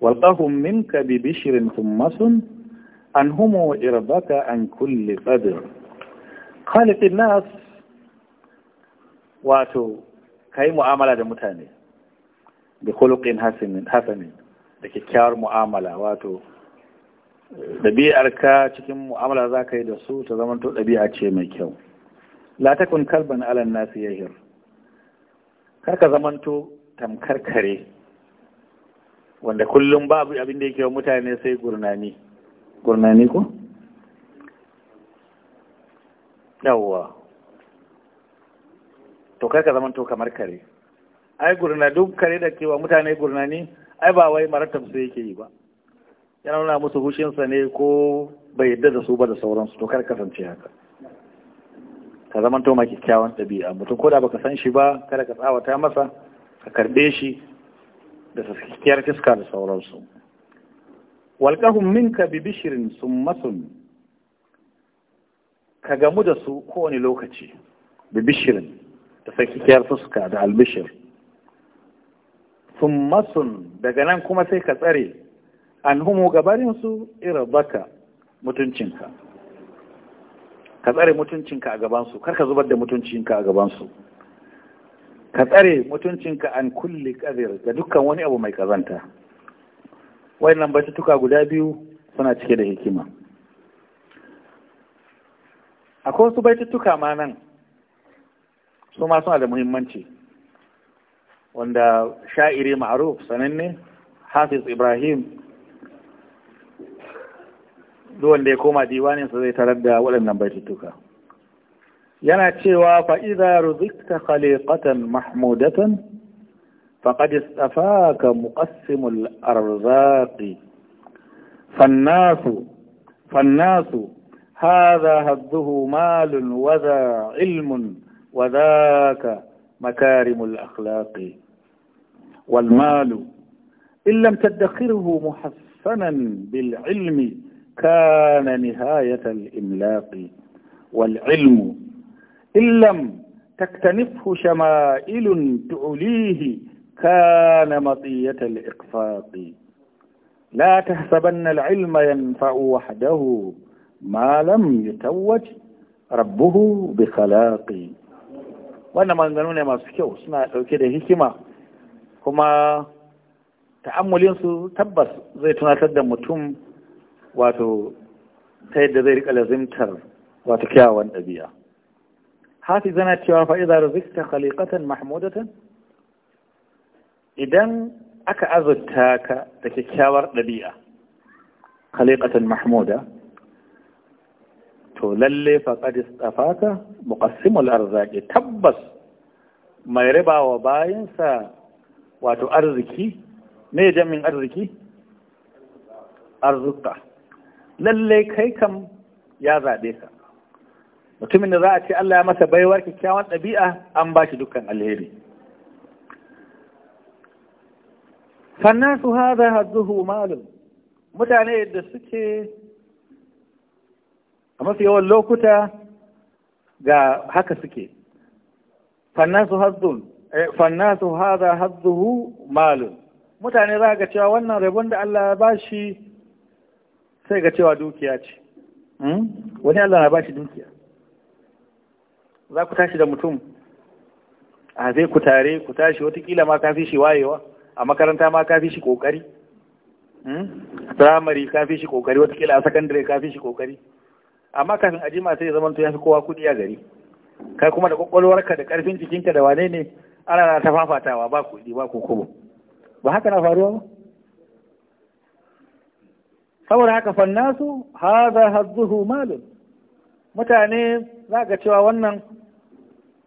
والقهم منك ببشر ثم سن أنهم إربك عن كل قدر khalifin nas wato ka mu'amala da mutane da kulukin hasanin da kyakkyawar mu'amala wato ɗabi'ar ka cikin mu'amala za ka yi da su ta zama to ɗabi'a ce mai kyau latakun kalban alan nasu yahir karka zamanto tamkar kare wanda kullum babu abin da yake wa mutane sai gurnani gurnani ko yawwa to kar ka zama to kamar kare ai gurna duk kare da cewa mutane gurna ne ai ba wai maratab sai yake yi ba yana nuna musu hushinsa ne ko bai yadda da su ba da sauransu to kar kasance haka ka zama to mai kyakkyawan ɗabi'a mutum ko da baka san shi ba kada ka tsawata masa ka karɓe shi da saskiyar fiska da sauransu walƙahun minka bi bishirin sun masun ka gamu da su kowane lokaci da bishirin da sakikiyar fuska da albishir sun masun daga nan kuma sai ka tsare an humu gabarinsu baka mutuncinka ka tsare mutuncinka a gabansu kar zubar da mutuncinka a gabansu ka tsare mutuncinka an kulle kadir ga dukkan wani abu mai kazanta wayannan batutuka guda biyu suna cike da hikima akwai wasu baituttuka ma nan su ma suna da muhimmanci wanda sha'iri ma'ruf sananne hafiz ibrahim duk wanda ya koma diwanin sa zai tarar da waɗannan baituttuka yana cewa fa fa'iza ruzikta khaliqatan mahmudatan فقد استفاك مقسم الأرزاق فالناس فالناس هذا هده مال وذا علم وذاك مكارم الأخلاق والمال إن لم تدخره محسنا بالعلم كان نهاية الإملاق والعلم إن لم تكتنفه شمائل تعليه كان مطية الإقفاق لا تحسبن العلم ينفع وحده Malam lam yutawwaj rabbuhu bi khalaqi wannan maganganu ne masu kyau suna ɗauke da hikima kuma su tabbas zai tunatar da mutum wato ta yadda zai rika lazimtar wato kyawawan ɗabi'a hafi zana cewa fa'iza rizikta khaliqatan mahmudatan idan aka azurta ka da kyakkyawar ɗabi'a khaliqatan mahmuda to lalle faƙad istafaka muqassimul arzaki tabbas mai riba wa bayansa wato arziki ne jamin arziki arzuka lalle kai kam ya zaɓe ka mutumin da za a ce Allah ya masa baiwar kyakkyawan ɗabi'a an ba shi dukkan alheri su haza hadduhu malum mutane da suke a mafi yawan lokuta ga haka suke fannasu hazzun eh, fannasu haza hazzuhu malun mutane za ga cewa wannan rabon da Allah ya bashi sai ga cewa dukiya ce hmm? wani Allah na bashi dukiya za ku tashi da mutum a zai ku tare ku tashi watakila ma kafi shi wayewa a makaranta ma kafi shi kokari hmm? a firamare kafi shi kokari watakila a sakandare kafi shi kokari amma kafin a jima sai ya zama ya fi kowa kuɗi a gari kai kuma da kwakwalwarka da ƙarfin cikinka da wane ne ana na ta fafatawa ba kuɗi ba kokobo ba haka na faruwa ba saboda haka fannasu haza hazzuhu malun mutane za ga cewa wannan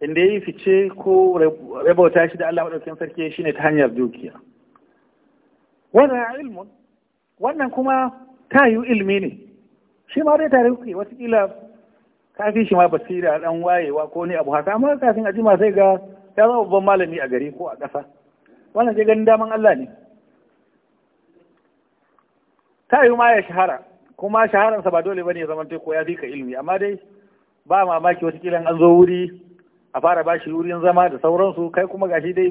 inda ya yi fice ko rabauta shi da Allah maɗaukin sarki shine ta hanyar dukiya. Wannan ilmun, wannan kuma ta yi ilmi ne, shi ma dai tare kuke watakila kafin shi ma basira dan wayewa ko ne abu haka amma kafin a jima sai ga ya zama babban malami a gari ko a ƙasa wannan sai ganin daman Allah ne ta yi ma ya shahara kuma shahararsa ba dole bane ya zama ko ya ka ilimi amma dai ba mamaki watakila an zo wuri a fara bashi wurin zama da sauransu kai kuma gashi dai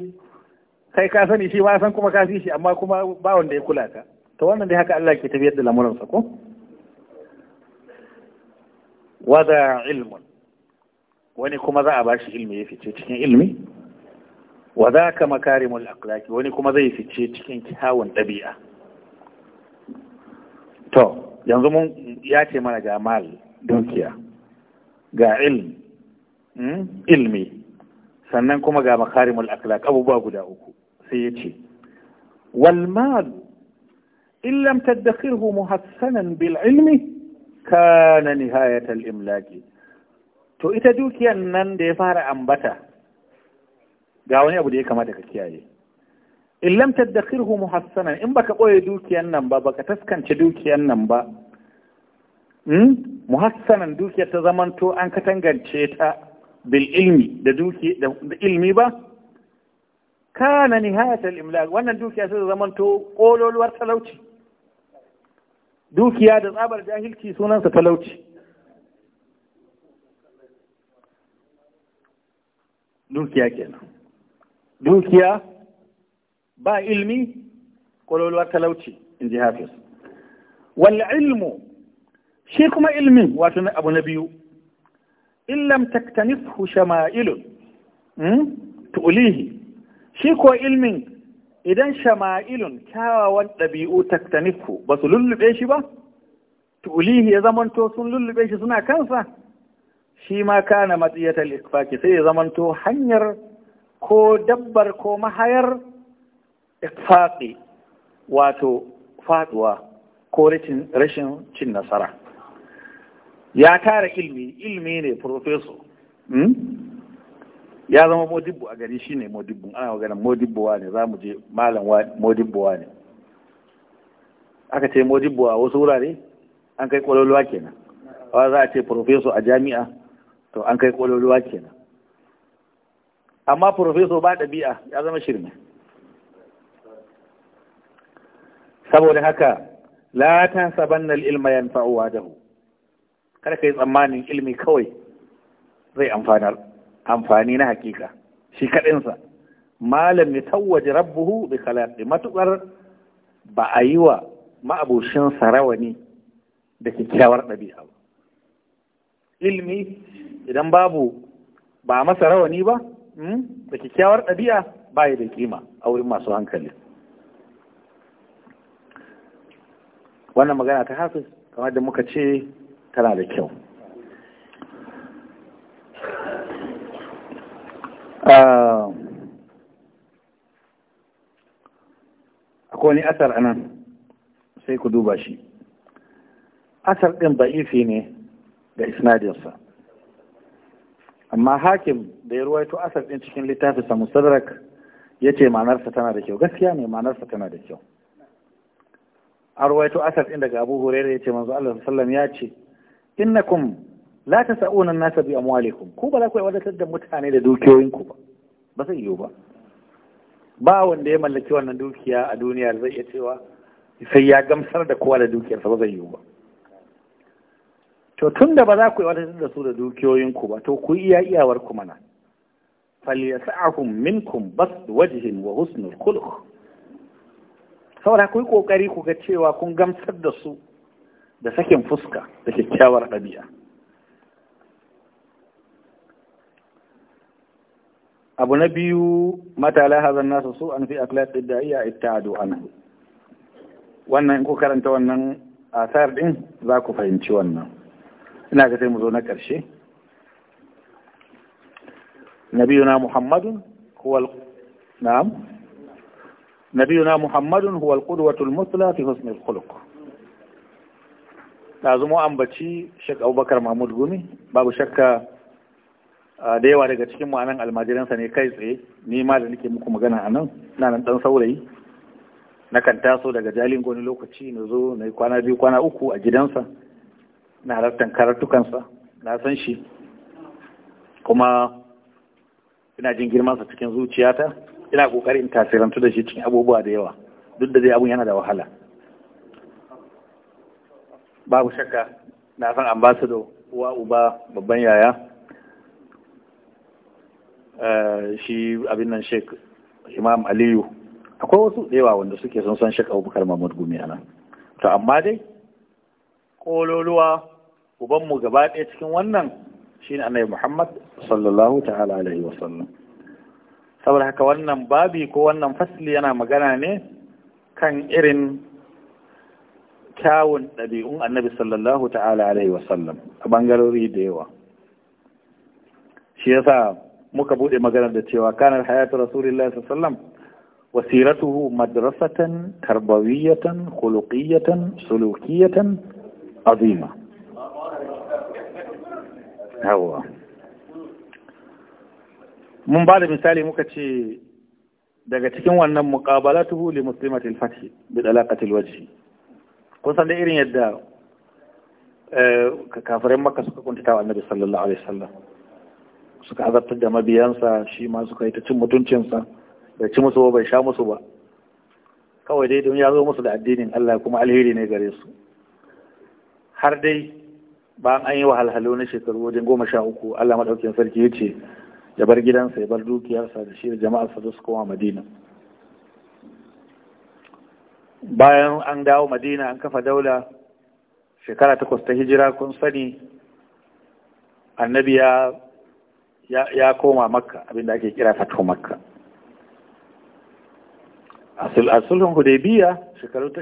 kai ka sani shi ma san kuma ka shi amma kuma ba wanda ya kula ka to wannan dai haka Allah ke tafiyar da lamuransa ko wada ilmun wani kuma za a ba shi ilmi ya fice cikin ilmi wada ka makarimul akhlaki wani kuma zai fice cikin kyawun ɗabi'a to yanzu mun ya ce mana ga mal dukiya ga ilmi hmm, ilmi sannan kuma ga makarimul akhlaq abubuwa guda uku sai ya ce wal mal in lam tadakhirhu muhassanan bil ilmi kana nihayatal imlaki to ita dukiyan nan da ya fara ambata ga wani abu da ya kamata ka kiyaye in lam tadakhirhu muhassanan in baka boye dukiyan nan ba baka taskance dukiyan nan ba hmm? muhassanan dukiyar ta zamanto an katangance ta bil ilmi da duki da ilmi ba kana nihayatal imlak wannan dukiya sai zamanto kololuwar talauci dukiya da tsabar jahilci sunansa talauci dukiya kenan dukiya ba ilmi kwalwalwa talauci in ji hafis wal ilmu shi kuma ilmin wato na abu na biyu illam hushama shama'ilun hmm, tu'ulihi shi ko ilmin idan shama'ilun kyawawan ɗabi'u taktaniku ba su lullube shi ba tulihi ya zamanto sun lullube shi suna kansa shi ma kana matsiyata ikfaki sai ya zamanto hanyar ko dabbar ko mahayar ikfaki wato faduwa ko rashin cin nasara ya tara ilmi ilmi ne profeso hmm? ya zama modibbo a gari shine modibbo ana magana modibbo ne za mu je malam modibbo ne aka ce modibbo a wasu wurare an kai kwalolwa kenan a za a ce profeso a jami'a to an kai kwalolwa kenan amma profeso ba ɗabi'a ya zama shirme saboda haka la ta sabanna ilma da hu kada ka yi tsammanin ilmi kawai zai amfanar amfani na hakika shi kaɗinsa malam ya tawaje rabbuhu bi khalaqi matukar ba a yi wa ma'abushin sarawani da kyakkyawar ɗabi'a ba ilmi idan babu ba masa rawani ba hmm, da kyakkyawar ɗabi'a ba ya da kima a wurin masu hankali wannan magana ta hafiz kamar da muka ce tana da kyau Ah, akwai asar anan sai ku duba shi asar ɗin ba'ifi ne ga isnadinsa amma hakim da ya ruwaito asar ɗin cikin littafinsa musadrak ya ce ma'anarsa tana da kyau gaskiya ne ma'anarsa tana da kyau a ruwaito asar ɗin daga abu hurairu ya ce manzo Allah sallam ya ce innakum la ta sa'una nasa bi amwalikum Ko ba za ku wadatar da mutane da dukiyoyinku ba ba zai yiwu ba ba wanda ya mallaki wannan dukiya a duniya zai iya cewa sai ya gamsar da kowa da dukiyarsa ba zai yiwu ba to tun da ba za ku wadatar da su da dukiyoyinku ba to ku iya iyawar ku mana falyasa'ahum minkum bas wajhin wa husnul khuluq saboda ku yi kokari ku ga cewa kun gamsar da su da sakin fuska da kyakkyawar ɗabi'a abu na biyu mata hazan nasu su an fi akhlaq iddaiya itta'adu anhu wannan in ku karanta wannan asar din za ku fahimci wannan ina ga sai mu zo na ƙarshe nabiyuna muhammadun huwal na'am nabiyuna muhammadun huwal qudwatul musla fi husnil khuluq da zumo ambaci shek Abubakar Mahmud Gumi babu shakka A da yawa daga cikin ma'anan almajiransa ne kai tsaye ni ma da nake muku magana a nan na nan ɗan saurayi na kan taso daga jalin goni lokaci na zo na yi kwana biyu kwana uku a gidansa na halartar karatukansa na san shi kuma ina jin girmansa cikin zuciyata ina ƙoƙarin tasirantu da shi cikin abubuwa da yawa duk da zai abun yana da wahala babu shakka na san ambasado uwa uba babban yaya Eh, shi abin nan sheik imam aliyu akwai wasu ɗewa wanda suke sun san sheikh abubakar mahmud gumi a nan to amma dai kololuwa ubanmu gaba ɗaya cikin wannan shine annabi muhammad sallallahu ta'ala alaihi sallam. saboda haka wannan babi ko wannan fasli yana magana ne kan irin kyawun ɗabi'un annabi sallallahu ta'ala alaihi sallam a bangarori da yawa shi yasa muka bude maganar da cewa kanar hayatu rasulullahi sallallahu wasiratuhu madrasatan tarbawiyatan khuluqiyatan sulukiyatan azima yawa mun ba da misali muka ce daga cikin wannan muqabalatuhu li muslimatil fathi bi dalaqatil wajhi kun san da irin yadda eh, kafirin makka suka kuntata wa annabi sallallahu alaihi wasallam suka azabtar da mabiyansa shi ma suka yi ta cin mutuncinsa bai ci musu ba bai sha musu ba kawai dai don ya zo musu da addinin Allah kuma alheri ne gare su har dai bayan an yi wahalhalu na shekaru wajen goma sha uku Allah maɗaukin sarki ya ce ya bar gidansa ya bar dukiyarsa da shi da jama'arsa da su koma Madina bayan an dawo Madina an kafa daula shekara takwas ta hijira kun sani annabi ya ya koma makka abinda ake kira fatuhu makka a sulhun hudaybiya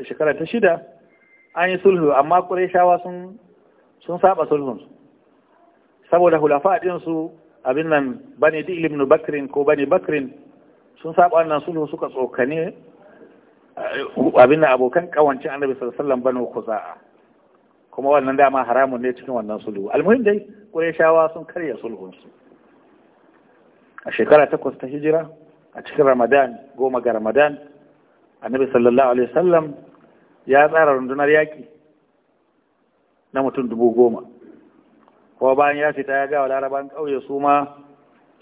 shekara ta shida an yi sulhu amma ƙuraishawa sun sun saba sulhun saboda hulafa din su abin nan bani di ibn bakrin ko bani bakrin sun saba wannan sulhu suka tsokane eh, abin nan abokan kawancin annabi sallallahu alaihi wasallam banu khuza'a kuma wannan dama haramun ne cikin wannan sulhu almuhim dai ƙuraishawa sun karya sulhun su a shekara takwas ta hijira a cikin ramadan goma ga ramadan annabi sallallahu alaihi wasallam ya tsara rundunar yaƙi na mutum dubu goma kuma bayan ya fita ya gawa laraban ƙauye su ma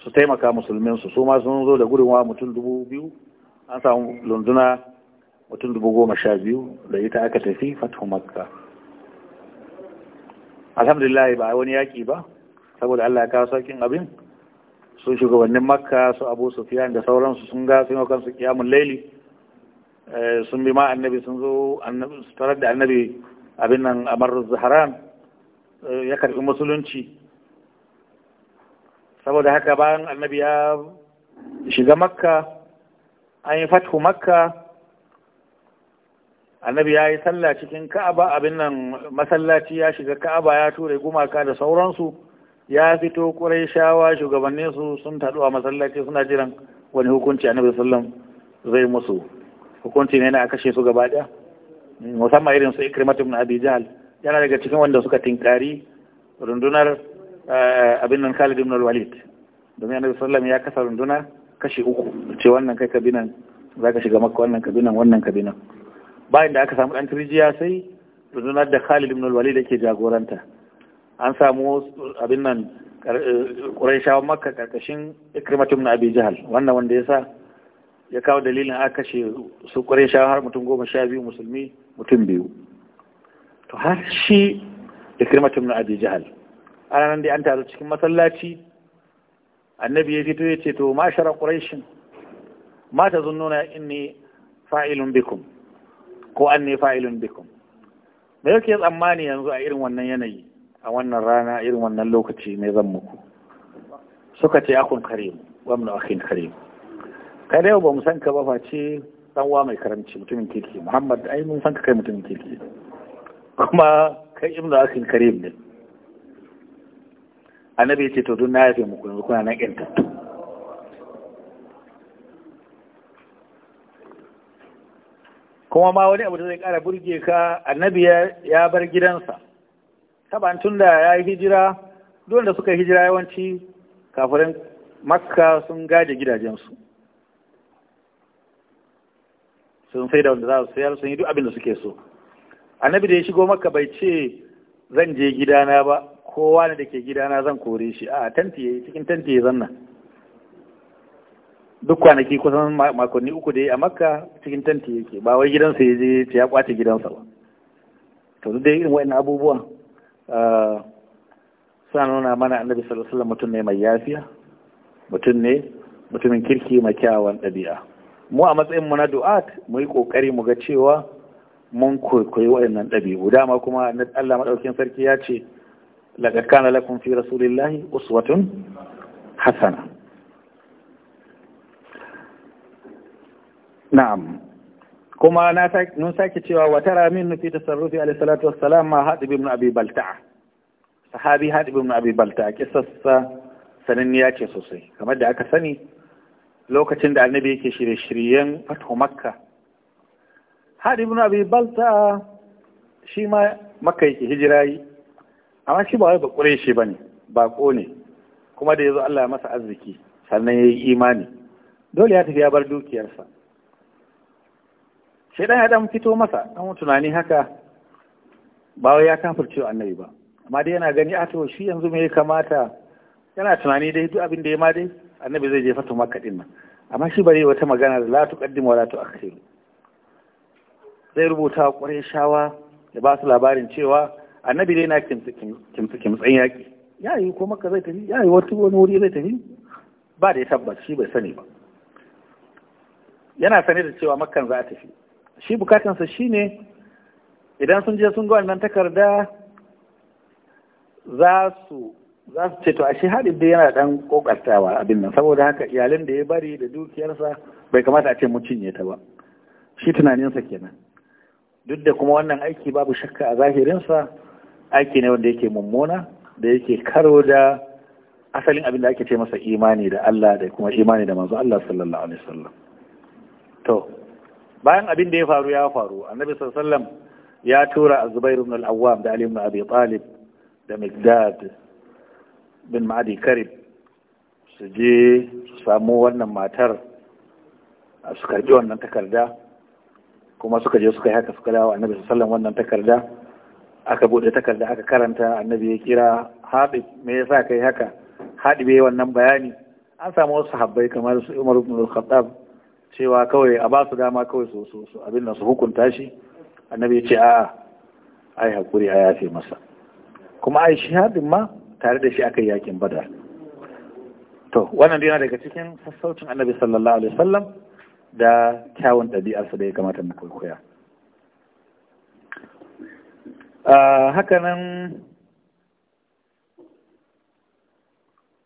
su taimaka musulminsu su ma sun zo da gudunwa mutum dubu biyu an samu lunduna mutum dubu goma sha biyu da ita aka tafi fatihu makka alhamdulillah ba wani yaƙi ba saboda allah ya kawo sauƙin abin su shugabannin makka su abu sufiyan da sauransu sun ga sun yau kansu kiyamun laili eh, sun bi ma annabi sun zo tarar da annabi abin nan amar zaharan eh, ya karfi musulunci saboda haka bayan annabi ya shiga makka an yi fathu makka annabi ya yi sallah cikin ka'aba abin nan masallaci ya shiga ka'aba ya ture gumaka da sauransu ya fito shawa shugabannin su sun taɗu a masallaci suna jiran wani hukunci annabi sallam zai musu hukunci ne na a kashe su gaba ɗaya musamman irin su ikrimat ibn abi yana daga cikin wanda suka tinkari rundunar eh, abin nan khalid ibn walid domin annabi sallam ya kasa rundunar kashe uku ce wannan kai kabinan za ka shiga maka wannan kabinan wannan kabinan bayan da aka samu ɗan kirjiya sai rundunar da khalid ibn walid yake jagoranta an samu abin nan ƙurayshawan eh, makka ƙarƙashin ikrimatun na abi jihal wannan wanda ya sa ya kawo dalilin aka kashe su ƙurayshawa har mutum goma sha biyu musulmi mutum biyu to har shi ikrimatun na abi jihal ana nan dai an taru cikin masallaci annabi ya fito ya ce to ma shara ƙurashin. ma ta zunnuna inni fa'ilun bikum ko an ne fa'ilun bikum me yake tsammani yanzu a irin wannan yanayi a wannan rana irin wannan lokaci ne zan muku suka ce akun karim wamna akhin karim kai da ba mu san ka ba face dan wa mai karamci mutumin kirki muhammad ai mun san ka kai mutumin kirki kuma kai ibn akhin karim ne annabi ya ce to dun na yafe muku yanzu kuna nan yantattu kuma ma wani abu da zai kara burge ka annabi ya bar gidansa taban tun da ya yi hijira dole da suka yi hijira yawanci kafirin makka sun gaje gidajensu sun sai da wanda za su sayar sun yi duk abin da suke so annabi da ya shigo makka bai ce zan je gidana ba kowa ne da ke gidana zan kore shi a tanti ya yi cikin tanti ya zanna duk kwanaki kusan makonni uku da ya yi a makka cikin tanti yake ba wai gidansa ya je ya kwace gidansa ba to duk dai irin wa'in abubuwan suna nuna mana annabi sallallahu alaihi mutum ne mai yafiya mutum ne mutumin kirki mai kyawun ɗabi'a mu a matsayin mu na du'at mu yi kokari mu ga cewa mun koyi waɗannan ɗabi'u dama kuma Allah madaukakin sarki ya ce laqad kana lakum fi rasulillahi uswatun hasana na'am kuma na nun sake cewa wata tara min fi tasarrufi alayhi salatu wassalam ma hadib ibn abi balta'a sahabi hadib ibn abi balta'a kisassa sananniya ce sosai kamar da aka sani lokacin da annabi yake shirye-shiryen fatu makka hadib ibn abi balta'a shi ma makka yake hijira yi amma shi ba wai ba quraishi bane bako ne kuma da ya zo Allah ya masa arziki sannan yayi imani dole ya tafi ya bar dukiyarsa sai ya adam fito masa dan tunani haka ba ya kafirce annabi ba amma dai yana gani a to shi yanzu me ya kamata yana tunani dai duk abin da ya ma dai annabi zai je fata makka din nan amma shi bare wata magana da la qaddimu wa la akhiru zai rubuta kware shawa da ba su labarin cewa annabi dai na kimtsan yaƙi ya yi ko makka zai tafi ya yi wata wani wuri zai tafi ba da ya tabbas shi bai sani ba yana sane da cewa makkan za a tafi shi bukatansa shi ne idan sun je sun ga wannan takarda za su za su ce to ashe haɗin dai yana ɗan ƙoƙartawa abin nan saboda haka iyalin da ya bari da dukiyarsa bai kamata a ce mu cinye ta ba shi tunaninsa kenan duk da kuma wannan aiki babu shakka a zahirinsa aiki ne wanda yake mummuna da yake karo da asalin abin da ake ce masa imani da Allah da kuma imani da manzo Allah sallallahu alaihi wasallam to bayan abin da ya faru ya faru annabi sallallahu ya tura az-zubair ibn al-awwam da ali ibn abi talib da miqdad bin ma'adi karib su je su samu wannan matar su karbi wannan takarda kuma suka je suka yi haka suka dawo annabi sallallahu wannan takarda aka bude takarda aka karanta annabi ya kira haɗi me yasa kai haka haɗi bai wannan bayani an samu wasu sahabbai kamar su Umar ibn al-Khattab cewa kawai a ba su dama kawai su su su abin nan su hukunta shi annabi ya ce a ai hakuri a yafe masa kuma ai hadin ma tare da shi aka yi yakin bada. to wannan dai yana daga cikin sassaucin annabi sallallahu alaihi wasallam da kyawun ɗabi'arsa da ya kamata mu kwaikwaya. haka nan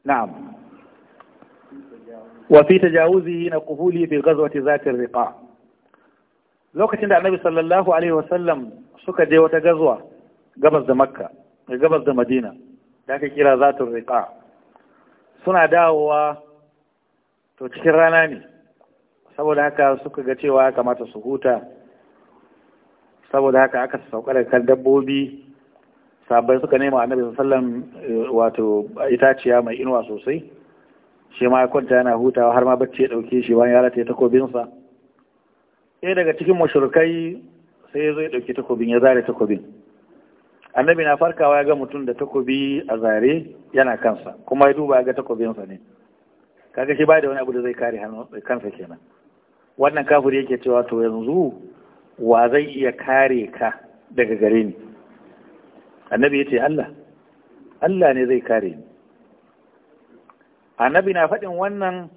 na'am وفي تجاوزه نقفوله في غزوة ذات الرقاع lokacin da النبي sallallahu alaihi عليه suka je wata gazuwa gabas da makka da eh, gabas da madina da aka kira zatun riƙa suna dawowa to cikin rana ne saboda haka suka ga cewa ya kamata su huta saboda haka aka sauka da dabbobi sabai suka nema annabi sallallahu eh, wato itaciya mai inuwa sosai shi ma ya kwanta yana hutawa har ma bacci ya ɗauke shi bayan ya rataye takobinsa ɗaya daga cikin mashirkai sai ya zo ya ɗauki takobin ya zare takobin annabi na farkawa ya ga mutum da takobi a zare yana kansa kuma ya duba ya ga takobinsa ne kaga shi ba da wani abu da zai kare hannu kansa kenan wannan kafir yake cewa to yanzu wa zai iya kare ka daga gare ni annabi ya ce Allah Allah ne zai kare ni annabi na faɗin wannan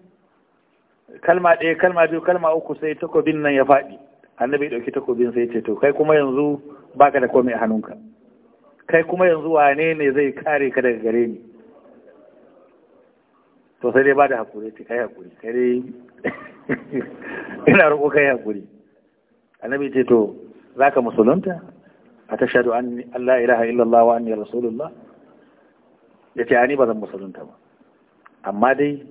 kalma ɗaya kalma biyu kalma uku sai takobin nan ya faɗi annabi ɗauki takobin sai ce to kai kuma yanzu baka da komai a hannunka kai kuma yanzu wane ne zai kare ka daga gare ni to sai dai ba da hakuri ce kai hakuri kai dai <laughs> ina roƙo kai hakuri annabi ce to za ka musulunta a tashhadu an la ilaha illallah wa anni rasulullah yace ani ba zan musulunta ba amma dai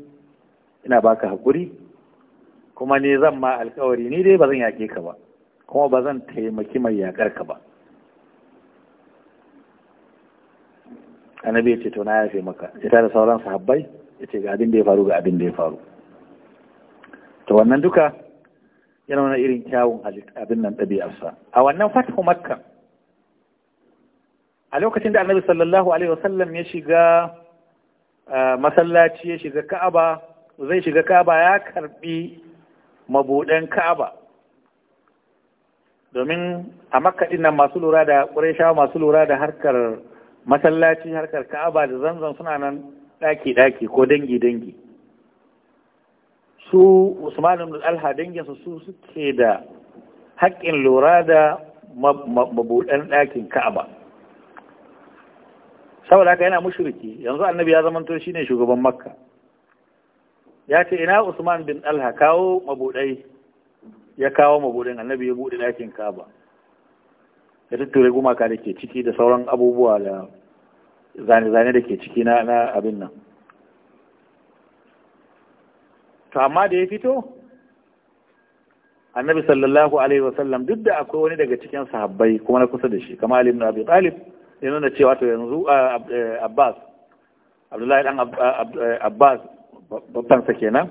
ina baka haƙuri kuma ne zan ma alkawari ni dai ba zan yaƙe ka ba kuma ba zan taimaki mai yaƙar ka ba annabi ya ce to na yafe maka ya da sauran sahabbai ya ce ga abin da ya faru ga abin da ya faru to wannan duka yana wani irin kyawun abin nan ɗabi'arsa a wannan fathu makka a lokacin da annabi sallallahu alaihi wasallam ya shiga masallaci ya shiga ka'aba zai shiga ka'aba ya karbi mabuɗan ka'aba domin a makaɗin nan masu lura da ƙur'ashawa masu lura da harkar masallaci harkar ka'aba da zanzan suna nan ɗaki-ɗaki ko dangi-dangi su usman ibn alha dangin su suke da haƙƙin lura da mabuɗan ɗakin ka'aba saboda haka yana mushriki yanzu annabi ya zamanto ne shugaban makka ya ce ina usman bin alha kawo mabudai ya kawo mabudin annabi ya buɗe ɗakin kaba ya tattura gumaka da ke ciki da sauran abubuwa da zane-zane da ke ciki na abin nan to amma da ya fito annabi sallallahu alaihi wasallam duk da akwai wani daga cikin sahabbai kuma na kusa da shi kamar ibn abi talib ya nuna cewa to yanzu abbas abdullahi dan abbas sa kenan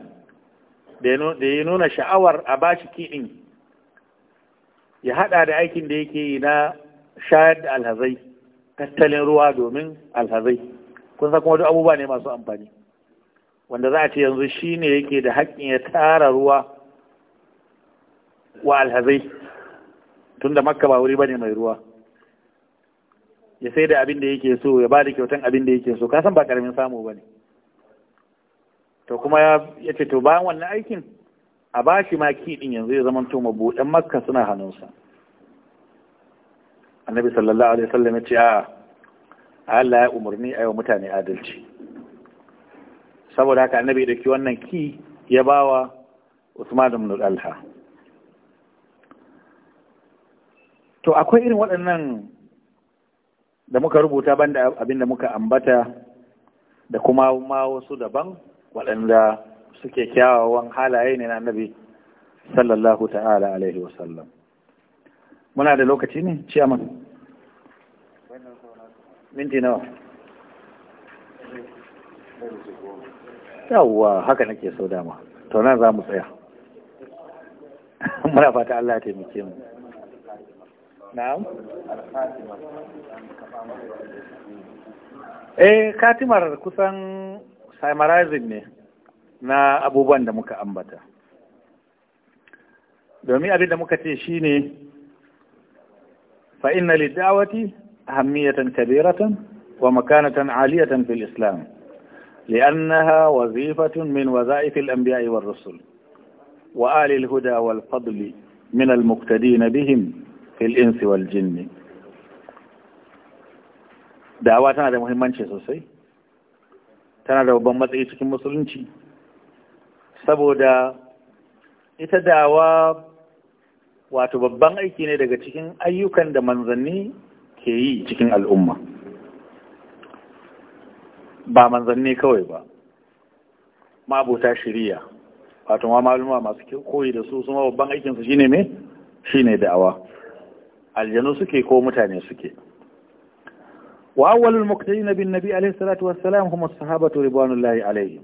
da ya nuna sha'awar a bashi kiɗin ya haɗa da aikin da yake yi na shayar da alhazai tattalin ruwa domin alhazai kun san kuma duk abubuwa ne masu amfani wanda za a ce yanzu shi ne yake da haƙƙin ya tara ruwa wa alhazai tun da makka ba wuri ba ne mai ruwa ya sai da abin da yake so ya ba da kyautan abin da yake so ka san ba karamin samu ba ne to kuma ya ce to bayan wannan aikin a ba shi ma kiɗin yanzu ya zama to buɗe makka suna hannunsa annabi sallallahu alaihi wasallam ya ce a Allah ya umarni a yau mutane adalci saboda haka annabi da ke wannan ki ya bawa Usman ibn al to akwai irin waɗannan da muka rubuta ban da abin da muka ambata da kuma ma wasu daban waɗanda suke kyawawan halaye ne na annabi sallallahu ta'ala alaihi wasallam muna da lokaci ne ciyaman minti nawa yawwa haka nake so dama to nan za mu tsaya <laughs> muna fata Allah ya taimake mu na'am eh katimar kusan summarizing ne na abubuwan da muka ambata domin abin da muka ce shine fa inna lidawati ahammiyatan kabiratan wa makanatan aliyatan fil islam لأنها وظيفة من وظائف الأنبياء والرسل وآل الهدى والفضل من المقتدين بهم fil insi wal jinni da'awa tana da muhimmanci sosai tana da babban matsayi cikin musulunci saboda ita dawa wato babban aiki ne daga cikin ayyukan da manzanni ke yi cikin al'umma ba manzanni kawai ba ma'abuta shiriya wato ma maluma masu koyi da su suma babban aikinsu shine me shine da'awa aljanu suke ko mutane suke wa awwalul muqtadin bin nabi alaihi salatu wassalam hum sahabatu ridwanullahi alaihim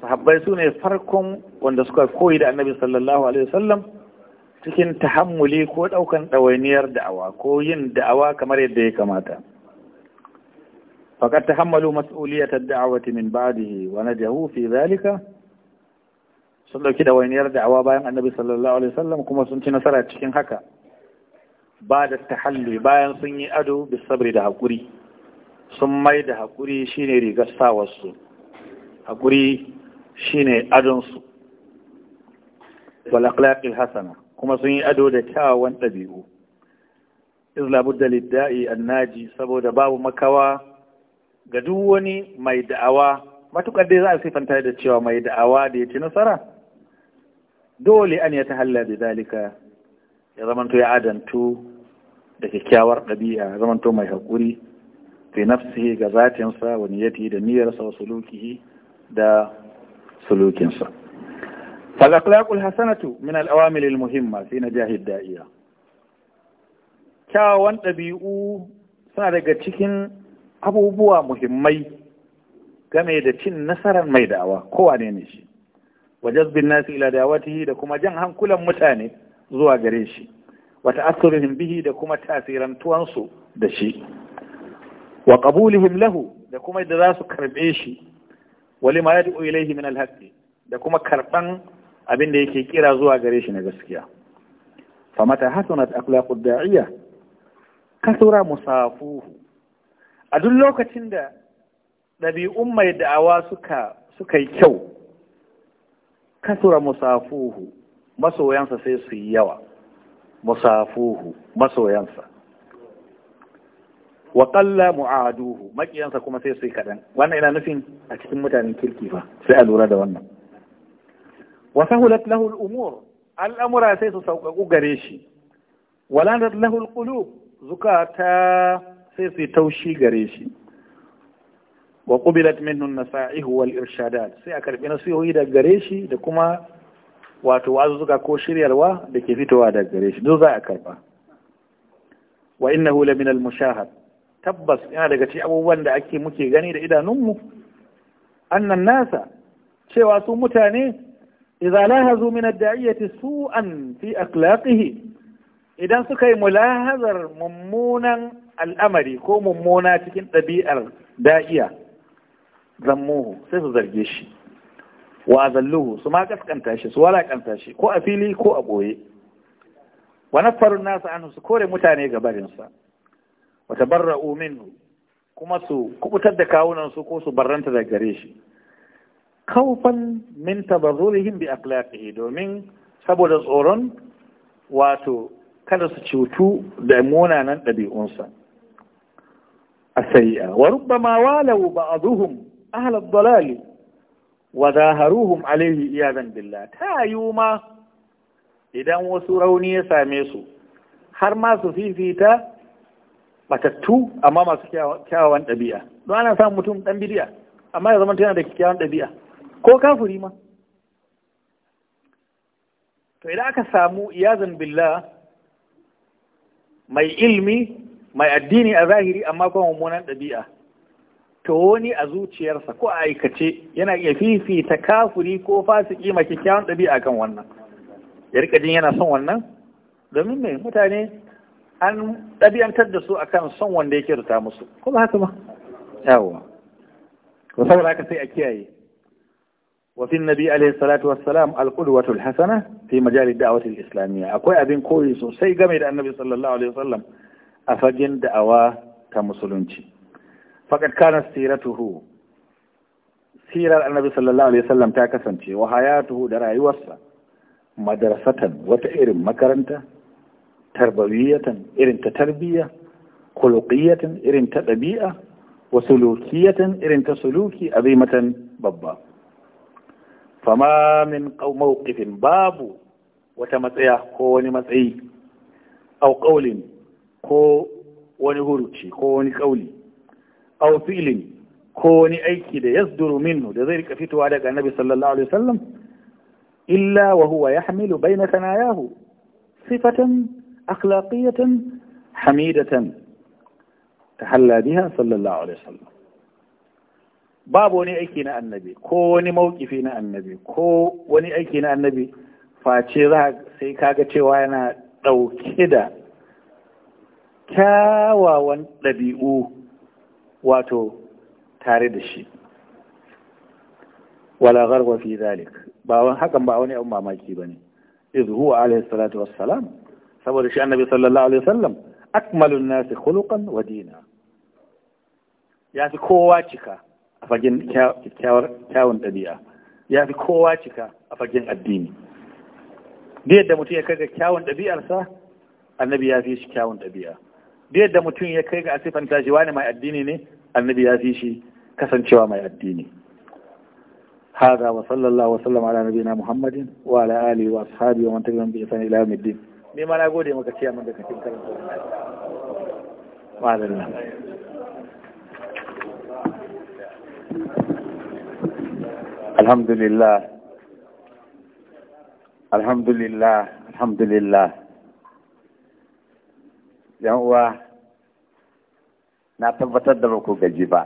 sahabbai sune farkon wanda suka koyi da annabi sallallahu alaihi wasallam cikin tahammuli ko daukan dawainiyar da'awa ko yin da'awa kamar yadda ya kamata faqad tahammalu mas'uliyata ad-da'wati min ba'dihi wa najahu fi dhalika sun dauki da wainiyar da'awa bayan annabi sallallahu alaihi wasallam kuma sun ci nasara cikin haka ba da tahalli bayan sun yi ado da sabri da hakuri sun mai da hakuri shine rigar sawarsu hakuri shine adon su wal akhlaqil hasana kuma sun yi ado da kyawawan ɗabi'u iz labudda lidda'i annaji saboda babu makawa ga duk wani mai da'awa matukar dai za a sifanta da cewa mai da'awa da ya ci nasara dole an ya halla da zalika ya zamanto ya adantu da kyakkyawar ɗabi'a ya zamanto mai haƙuri fi nafsihi ga zatinsa wani niyyati da niyyarsa wa sulukihi da sulukinsa fal akhlaqul hasanatu min al muhimma fi na jahil da'iya kyawawan ɗabi'u suna daga cikin abubuwa muhimmai game da cin nasarar mai da'awa kowa ne ne shi wa jazbin nasi ila dawatihi da kuma jan hankulan mutane zuwa gare shi Wata ta'assurihim bihi da kuma tasirantuwansu su da shi wa qabulihim lahu da kuma da za su karɓe shi wa lima yad'u ilayhi min al-haqqi da kuma karban abin da yake kira zuwa gare shi na gaskiya fa mata hasanat akhlaqu da'iyya kasura musafuhu a duk lokacin da ɗabi'un mai da'awa suka yi kyau kasura musafuhu masoyansa sai su yi yawa musafuhu masoyansa wa qalla mu'aduhu makiyansa kuma sai su yi kadan wannan yana nufin a cikin mutanen kirki fa sai a lura da wannan wa sahulat lahu al-umur al'amura sai su sauƙaƙu gare shi walanat lahu al-qulub zukata sai su taushi gare shi wa qubilat minhu nasaihu wal irshadat sai a karbi nasihohi daga gare shi da kuma wato wa'azuzuka ko shiryarwa da ke fitowa daga gare shi duk za a karba wa innahu la min al mushahad tabbas yana daga cikin abubuwan da ake muke gani da idanunmu annan nasa cewa su mutane idza lahazu min ad-da'iyati su'an fi akhlaqihi idan suka yi mulahazar mummunan al'amari ko mummuna cikin ɗabi'ar da'iya zammuhu sai su zarge shi wa zalluhu su ma kaskanta shi su walakanta shi ko a fili ko a boye wa nafarun nasu anhu su kore mutane ga barinsa wa tabarra'u minhu kuma su kubutar da kawunan su ko su barranta da gare shi kaufan min tabarrurihim bi akhlaqihi domin saboda tsoron wato kada su cutu da munanan ɗabi'unsa a sayi'a wa rubbama walau ba'aduhum ahlal dalali wa zaharuhum alaihi iyadan billah ta yiwu ma idan wasu rauni ya same su har ma su fifita matattu amma masu kyawawan ɗabi'a don ana samun mutum ɗan bidiya amma ya zama tana da kyawawan ɗabi'a ko kafuri ma to idan aka samu iyazan billah mai ilmi mai addini a zahiri amma kuma mummunan ɗabi'a ta wani a zuciyarsa ko a aikace yana iya fifita kafuri ko fasiki mai kyakkyawan ɗabi'a kan wannan ya rika jin yana son wannan domin mai mutane an dabiantar da su akan son wanda yake ta musu kuma haka ma yawo ko saboda haka sai a kiyaye wa fi nabi alaihi salatu wassalam alqudwatul hasana fi majalid da'watil islamiyya akwai abin koyi sosai game da annabi sallallahu alaihi wasallam a fagen da'awa ta musulunci faqad kanat siratuhu sirar annabi sallallahu alaihi wasallam ta kasance wa hayatuhu da rayuwarsa madrasatan wata irin makaranta tarbawiyatan irin ta tarbiyya khuluqiyatan irin ta ɗabi'a wa sulukiyatan irin ta suluki azimatan babba fama min mawqifin babu wata matsaya ko wani matsayi au ko wani huruci ko wani kauli Aufilin ko wani aiki da yasduru minhu da zai rika fitowa daga annabi sallallahu alaihi wasallam illa wa huwa bai na thanayahu sifatan akhlaqiyatan hamidatan tahalla biha sallallahu alaihi wasallam babu wani aiki na annabi ko wani mawkifi na annabi ko wani aiki na annabi face za sai kaga cewa yana ɗauke da kyawawan ɗabi'u wato tare da shi wala gharwa fi zalik ba wani hakan ba wani abin mamaki bane idh huwa alaihi salatu wassalam saboda shi annabi sallallahu alaihi wasallam akmalun nasi khuluqan wa dina ya fi kowa cika a fagen kyawun ɗabi'a ya fi kowa cika a fagen addini da yadda mutum ya kaga kyawun ɗabi'arsa annabi ya fi shi kyawun ɗabi'a da yadda mutum ya kai ga siffanta shi wani mai addini ne annabi ya fi shi kasancewa mai addini هذا وصلى الله وسلم على wa محمد wa اله wa mantar تبعهم باحسان الى يوم din. ni ma na gode maka ciya da kake karanta madalla alhamdulillah alhamdulillah alhamdulillah yan uwa na tabbatar da ba ku gaji ba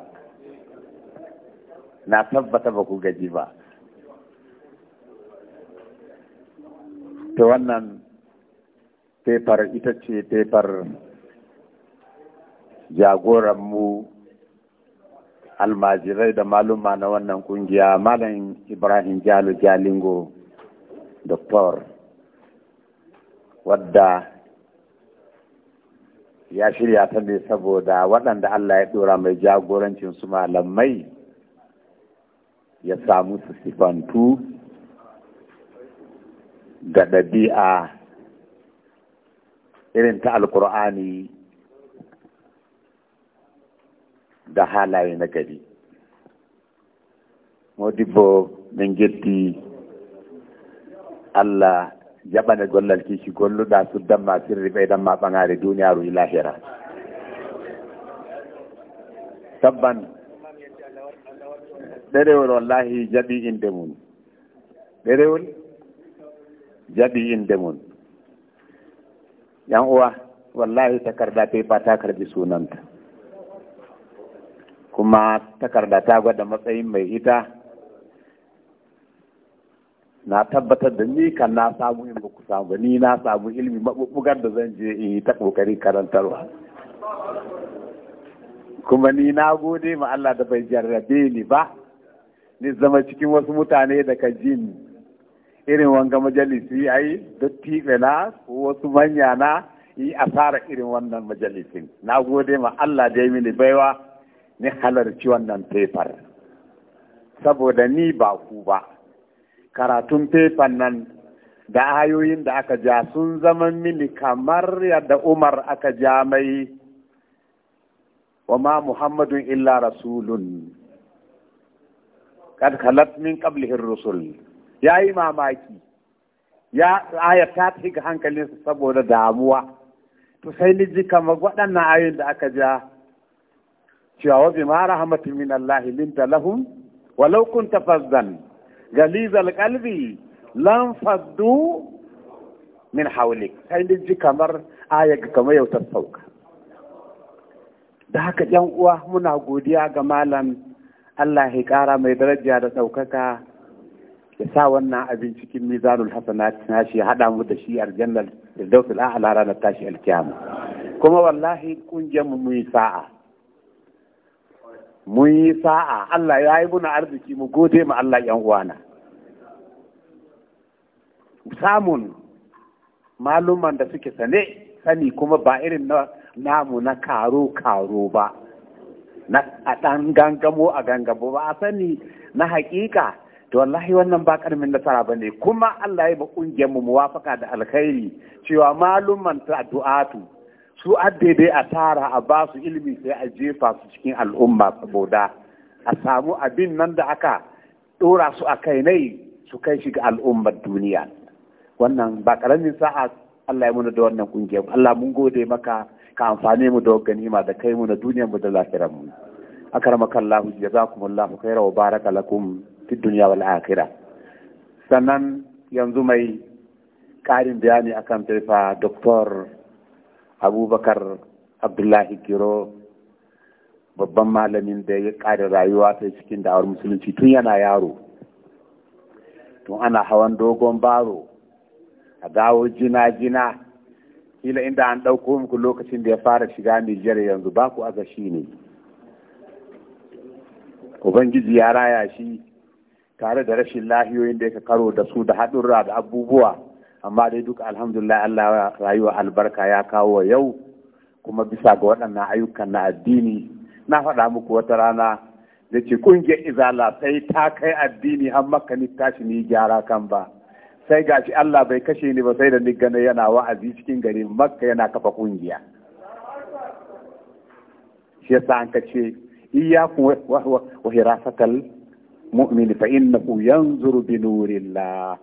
na tabbata ba ku gaji ba ta wannan paper ita ce fefar jagoranmu almajirai da maluma na wannan kungiya malam ibrahim jalo jalingo doktor wadda ya shirya ta ne saboda waɗanda Allah ya ɗora mai jagorancin su malamai ya samu su sifantu da ɗabi'a irin ta alkur'ani da halaye na gari modibo min Allah ne gollal kishi da su damma sirri ɓeydanma bangare duniyaru ila e lahira. sabban ɗerewol wallahi jabi inde mum ɗerewol jabi inde mun yan uwa wallahi takarda pepa ta karbi sunanta kuma takarda ta gwada matsayin mai ita na tabbatar da ni kan na samu in ku samu ba ni na samu ilimi mabubugar da zan je in yi ta kokari karantarwa kuma ni na gode ma Allah da bai jarrabe ni ba ni zama cikin wasu mutane da ka jin irin wanga majalisi ai tibe na ko wasu manya na yi asara irin wannan majalisin na gode ma Allah da ya mini baiwa ni halarci wannan paper saboda ni ba ku ba karatun fefan nan da ayoyin da aka ja sun zama mini kamar yadda umar aka ja mai wa ma muhammadun illa rasulun kad khalat min qablihi rusul yayi mamaki ya aya ta fi ga hankalinsa saboda damuwa to sai ni ji kamar waɗannan ayoyin da aka ja cewa wa bi ma rahmatin min Allah linta lahum walau kunta fazzan galizal kalbi lan faddu min hawlik sai da ji kamar aya kamar yau ta sauka da haka yan uwa muna godiya ga malam Allah ya kara mai daraja da ɗaukaka ya sa wannan abin cikin mizanul hasanat nashi ya haɗa mu da shi aljannar da dausul a'la ranar tashi alkiyama kuma wallahi kungiyar mu yi sa'a mun yi sa'a Allah ya yi muna arziki mu gode ma Allah yan uwana samun maluman da suke sane sani kuma ba irin namu na karo-karo ba na a ɗan gangamo a gangamo ba a sani na hakika to wallahi wannan ba ƙarmin nasara ba ne kuma Allah ya ba ƙungiyar mu muwafaka da alkhairi cewa maluman ta du'atu su daidai a tara a ba su ilimi sai a jefa su cikin al'umma saboda a samu abin nan da aka ɗora su a kai nai su kai shiga ga al'ummar duniya wannan ba ƙaramin sa'a Allah ya muna da wannan ƙungiyar Allah mun gode maka ka amfane mu da ganima da kai mu na duniyar mu da lafiyar mu akramaka Allah jazakumullahu khairan wa baraka lakum fid dunya wal akhirah sannan yanzu mai karin bayani akan taifa doctor abubakar abdullahi Kiro, babban malamin da ya rayuwa ta cikin da'awar musulunci tun yana yaro tun ana hawan dogon baro a gawo jina-jina kila inda an ɗauko muku lokacin da ya fara shiga Nijar yanzu ba ku aga shi ne ubangiji ya raya shi tare da rashin lahiyoyin da ya karo da su da haɗurra da abubuwa amma dai duk alhamdulillah Allah rayuwa albarka ya kawo yau kuma bisa ga waɗannan ayyukan na addini na faɗa muku wata rana da ce ƙungiyar izala sai ta kai addini har makka ni tashi ni gyara kan ba sai shi Allah bai kashe ni ba sai da ni gane yana wa'azi cikin gari makka yana kafa ƙungiya shi yasa an kace iyyakum wa hirasatal mu'min fa innahu yanzuru bi nurillah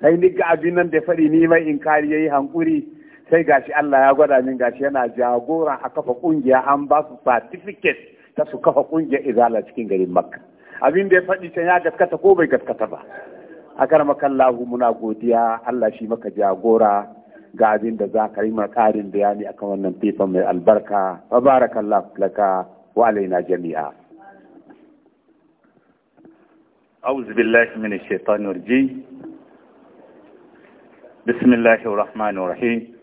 sai ni ga abin nan da faɗi ni mai inkari yayi hankuri sai gashi Allah ya gwada min gashi yana jagora a kafa kungiya an ba su certificate ta su kafa kungiya izala cikin garin Makka abin da ya faɗi can ya gaskata ko bai gaskata ba a karmakan lahu muna godiya Allah shi maka jagora ga abin da za ka yi ma karin bayani akan wannan fifan mai albarka barakallahu laka wa alaina jami'a أعوذ بالله من الشيطان الرجيم بسم الله الرحمن الرحيم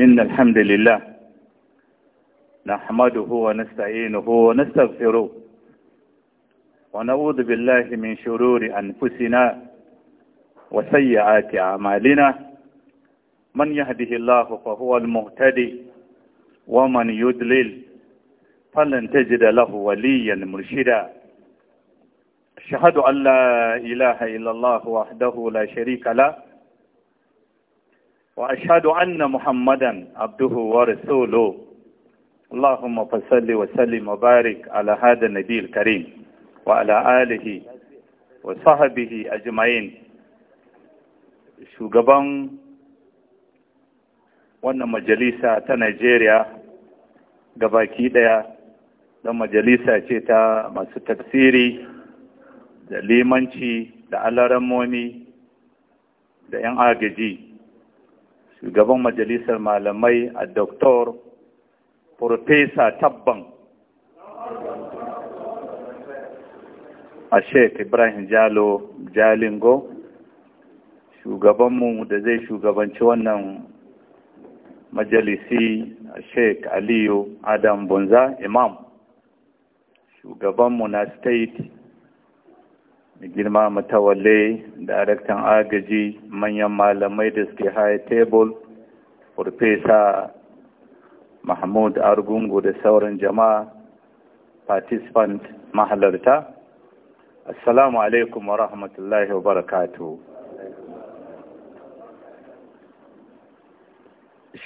إن الحمد لله نحمده ونستعينه ونستغفره ونعوذ بالله من شرور أنفسنا وسيئات أعمالنا من يهده الله فهو المهتدي ومن يدلل فلن تجد له وليا مرشدا أشهد أن لا إله إلا الله وحده لا شريك له وأشهد أن محمدا عبده ورسوله اللهم فصل وسلم وبارك على هذا النبي الكريم وعلى آله وصحبه أجمعين shugaban wannan majalisa ta Najeriya gabaki ɗaya, don majalisa ce ta masu tafsiri da limanci da alarammomi da 'yan agaji shugaban majalisar malamai a doktor Profesa Tabban a Ibrahim Jalo Jalingo shugabanmu da zai shugabanci wannan majalisi a shek Aliyu Adam Bunza Imam shugabanmu na state da girma matawalle daraktan agaji manyan malamai da suke high table farfesa mahmud argungu da sauran jama'a participant mahalarta assalamu alaikum wa rahmatullahi wa barakatuh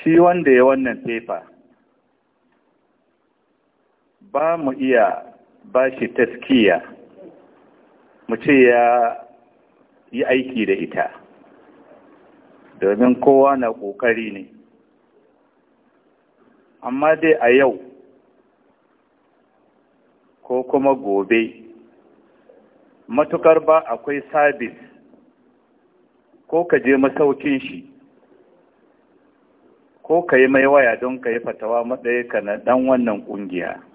shi wanda ya wannan fefa ba mu iya ba shi taskiya mu ce ya yi aiki da ita domin kowa na ƙoƙari ne amma dai a yau ko kuma gobe matukar ba akwai sabis ko ka je masaukin shi ko ka yi mai waya don ka yi fatawa ka na ɗan wannan ƙungiya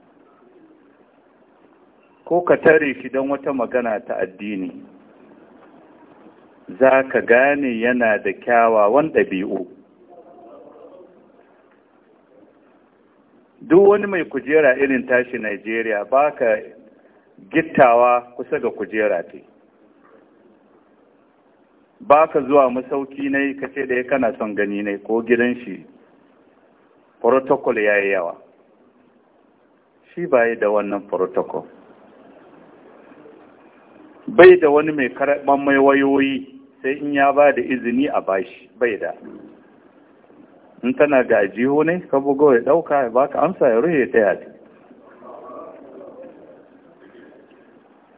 ko ka tare shi don wata magana ta addini za ka gane yana da kyawawan ɗabi'u duk wani mai kujera irin tashi Najeriya ba ka gittawa kusa ga kujera te ba ka zuwa masauki ne ka ce da ya kana son gani ne ko gidan shi protocol ya yi yawa shi ba da wannan protocol bai da wani mai karɓar mai wayoyi sai in ya ba da izini a bashi bai da in tana da ne ka bugo ya ɗauka ya baka amsa ya ruhe ta yadda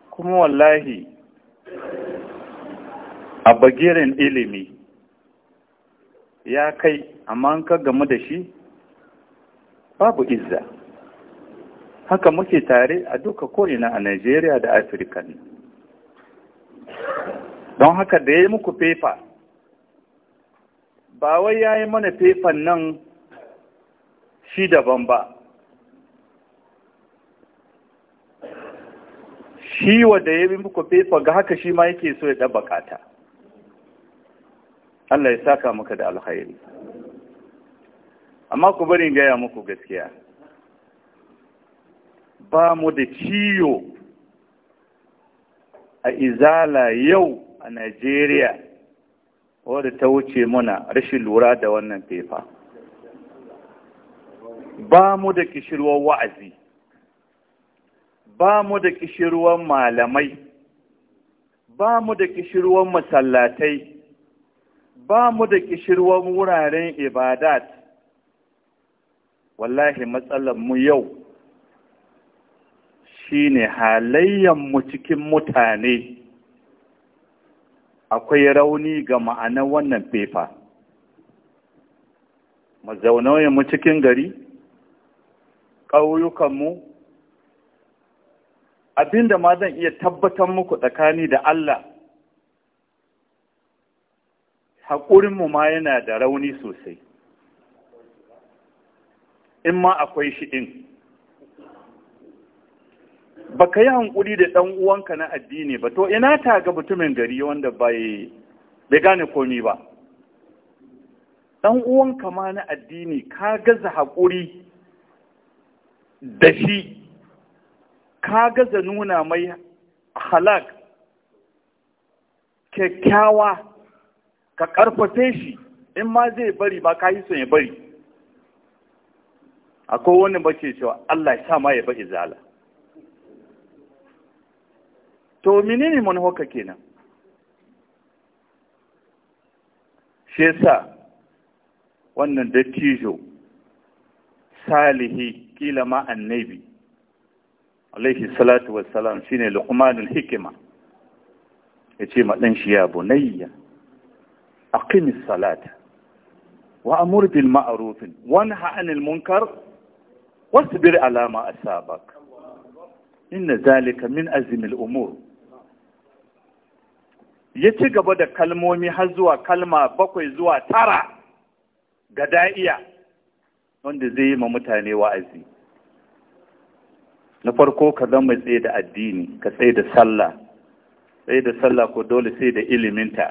kuma wallahi a bagirin ilimi ya kai amma an ka gamu da shi babu izza haka muke tare a duka ko'ina a Najeriya da Afirka ne don haka da ya yi muku fefa ba wai ya yi mana fefan nan shi daban ba shi wadda ya yi muku fefa ga haka shi ma yake so ya ɗaba kata Allah ya saka maka da alhairi amma ku bari gaya muku gaskiya ba mu da ciyo a izala yau a Najeriya wadda ta wuce muna rashin lura da wannan fefa. Ba mu da kishirwar wa'azi, ba mu da kishirwar malamai, ba mu da kishirwar masallatai, ba mu da kishirwar wuraren ibadat. Wallahi matsalar mu yau shi ne mu cikin mutane. akwai rauni ga ma'anar wannan fefa mu cikin gari ƙauyukanmu abinda ma zan iya tabbatar muku tsakani da Allah haƙurinmu ma yana da rauni sosai in ma akwai shi ɗin baka yi hankuri da ɗan uwanka na addini ba to ina ta ga mutumin gari wanda bai bai gane komi ba ɗan uwanka ma na addini ka gaza haƙuri da shi ka gaza nuna mai halak kyakkyawa ka ƙarfafe shi in ma zai bari ba ka yi son ya bari akwai wani bace cewa Allah ya sa ma ya ba izala to menene manhaja kenan shi yasa wannan dattijo salihi kila ma annabi alaihi salatu wassalam shine luqmanul hikima yace ma dan shi ya bunayya ƙinis salata wa amur bil ma'arufin Wani 'anil munkar wasbir alama a sabak inna zalika min azmil umur ya ci gaba da kalmomi har zuwa kalma bakwai zuwa tara ga da'iya wanda zai yi ma mutane wa'azi na farko ka zama tsaye da addini ka tsaye da sallah tsaye da sallah ko dole sai da iliminta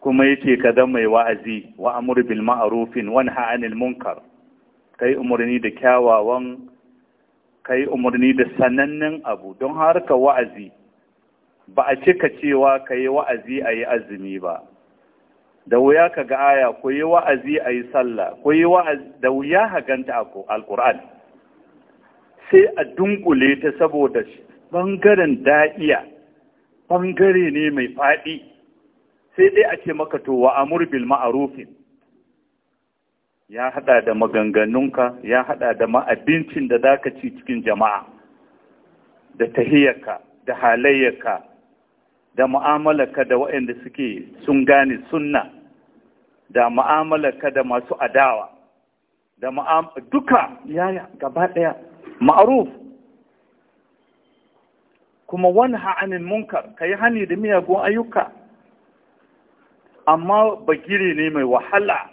kuma yace ka zama mai wa'azi wa amur bil wani wa nahy munkar kai umarni da kyawawan kai umarni da sanannen abu don harka wa'azi ba a cika cewa ka yi wa'azi a yi azumi ba da wuya ka ga aya ku yi wa'azi a yi sallah ku yi wa'azi da wuya haganta alkur'an sai a dunkule ta saboda bangaren da'iya ɓangare ne mai faɗi sai dai a ce maka to wa amur bil ma'arufin ya hada da maganganunka ya haɗa da ma'abincin da zaka ci cikin jama'a da tahiyarka da halayyarka da mu'amalarka da waɗanda suke sun gane sunna da mu'amalarka da masu adawa da duka yaya gaba ɗaya ma'aruf kuma wani ha'anin munkar ka yi hani da miyagun ayyuka amma bagire ne mai wahala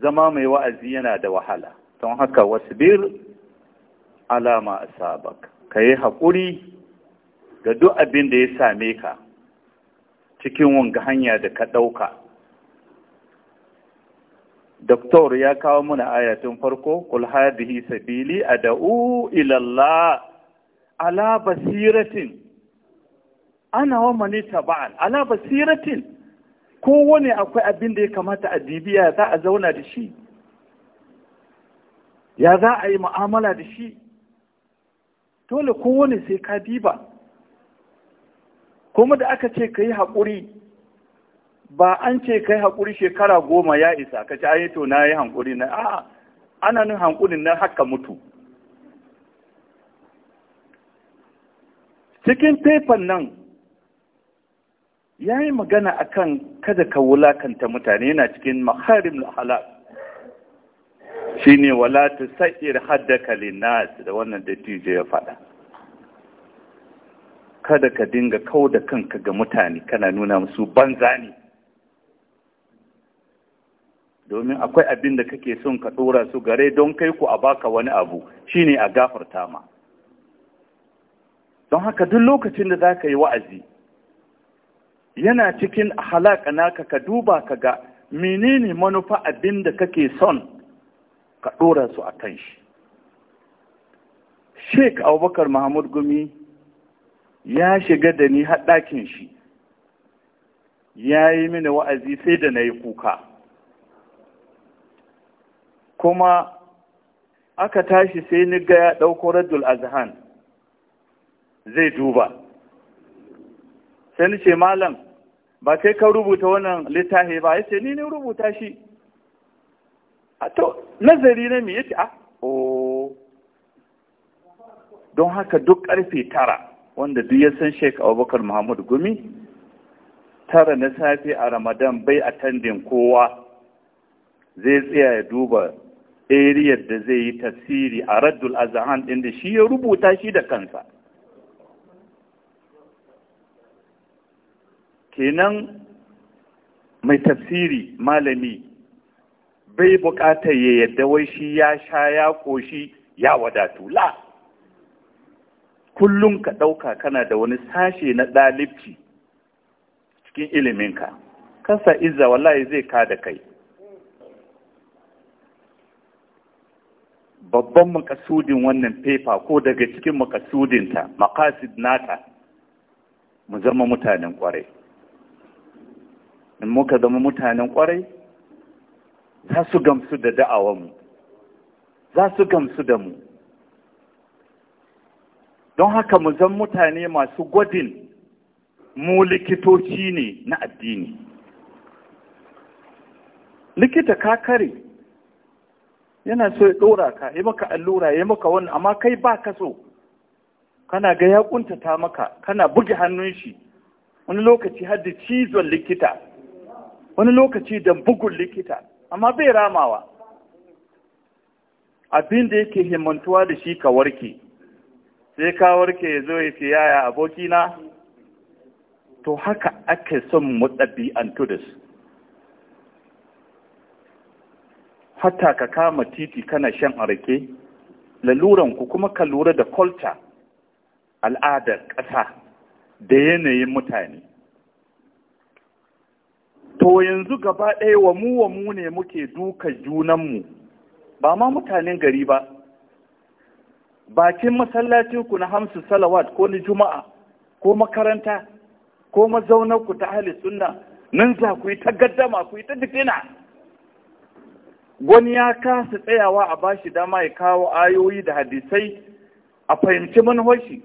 zama mai wa'azi yana da wahala don haka wasu wasbir alama asabak ka yi haƙuri ga duk abin da ya same ka cikin wanga hanya da ka ɗauka doktor ya kawo muna ayatun farko kul hadihi sabili a da'u ilalla. ala basiratin ana wa mani taba’al, ala basiratin kowane akwai abin da ya kamata a dibiya za a zauna da shi ya za a yi mu'amala da shi dole kowane sai ka diba kuma da aka ce ka yi haƙuri ba an ce ka yi haƙuri shekara goma ya isa ka ci ayi to na yi haƙuri na a ana nun haƙurin na haka mutu cikin fefan nan ya yi magana akan kada ka wulakanta mutane yana cikin makarim halal shi ne wala ta sa'ir haddaka linnas da wannan dattijo ya faɗa kada ka dinga kau da kanka ga mutane kana nuna musu banza ne domin akwai abin da kake son ka ɗora su gare don kai ku a baka wani abu shine a gafarta ma don haka duk lokacin da za ka yi wa'azi yana cikin halaka naka ka duba ka ga menene manufa abin da kake son ka ɗorasu su a kan shi sheik abubakar mahmud gumi ya shiga da ni haɗakin shi ya yi mini wa'azi sai da na yi kuka kuma aka tashi sai ni ga ya ɗauko radul azhan zai duba sai ni ce malam ba kai ka rubuta wannan littafi ba ya ce ni ne rubuta shi a to nazari na mi ya a o oh. don haka duk ƙarfe tara wanda duk ya san Sheikh Abubakar Muhammad Gumi tara na safe a Ramadan bai attendin kowa zai tsaya ya duba ariyar da zai yi tafsiri a Raddul Azhan din da shi ya rubuta shi da kansa kenan mai tafsiri malami bai bukata ya yadda wai shi ya sha ya koshi ya wadatu la kullum ka ɗauka kana da wani sashe na ɗalibci cikin iliminka kasa izza wallahi zai ka da kai babban makasudin wannan fefa ko daga cikin makasudinta makasid nata mu zama mutanen kwarai in muka zama mutanen kwarai za su gamsu da da'awanmu za su gamsu da mu don haka mu zan mutane masu gwadin mu likitoci ne na addini likita ka kare yana so ya ɗora ka yi maka allura ya maka wannan amma kai ba ka so kana ga ya kuntata maka kana buge hannun shi wani lokaci har da cizon likita wani lokaci da bugun likita amma bai ramawa abin da yake himmantuwa da shi ka warke sai kawar ke ya zo ya ce yaya abokina to haka ake son mu ɗabi'antu da hatta ka kama titi kana shan arake ku kuma ka lura da kwalta, al'adar ƙasa da yanayin mutane to yanzu gaba ɗaya wa mu wa mu ne muke duka junanmu ba ma mutanen gari ba bakin masallacinku na hamsu salawat ko na juma'a ko makaranta ko mazaunarku ta ahli sunna nan za ku yi ta gaddama ku yi ta dukina wani ya kasa tsayawa a bashi dama ya kawo ayoyi da hadisai a fahimci manhoshi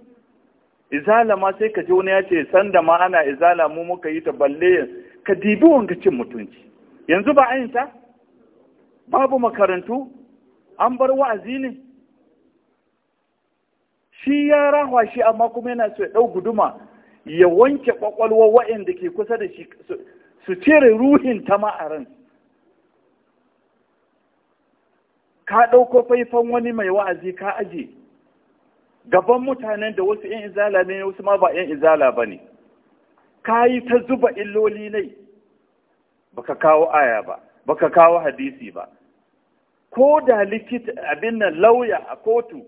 izala ma sai ka ji wani ya ce sanda ma ana izala mu muka yi ta balle ka dibi wanga cin mutunci yanzu ba ayinta babu makarantu an bar wa'azi ne shi ya rahwa shi amma kuma yana so ya ɗau guduma ya wanke ƙwaƙwalwa waɗanda ke kusa da shi su cire ruhin ta ma'aran ka ɗauko faifan wani mai wa'azi ka aje gaban mutanen da wasu 'yan izala ne wasu ma ba 'yan izala ba ne ka yi ta zuba illoli ne baka kawo aya ba baka kawo hadisi ba ko da likita abin nan lauya a kotu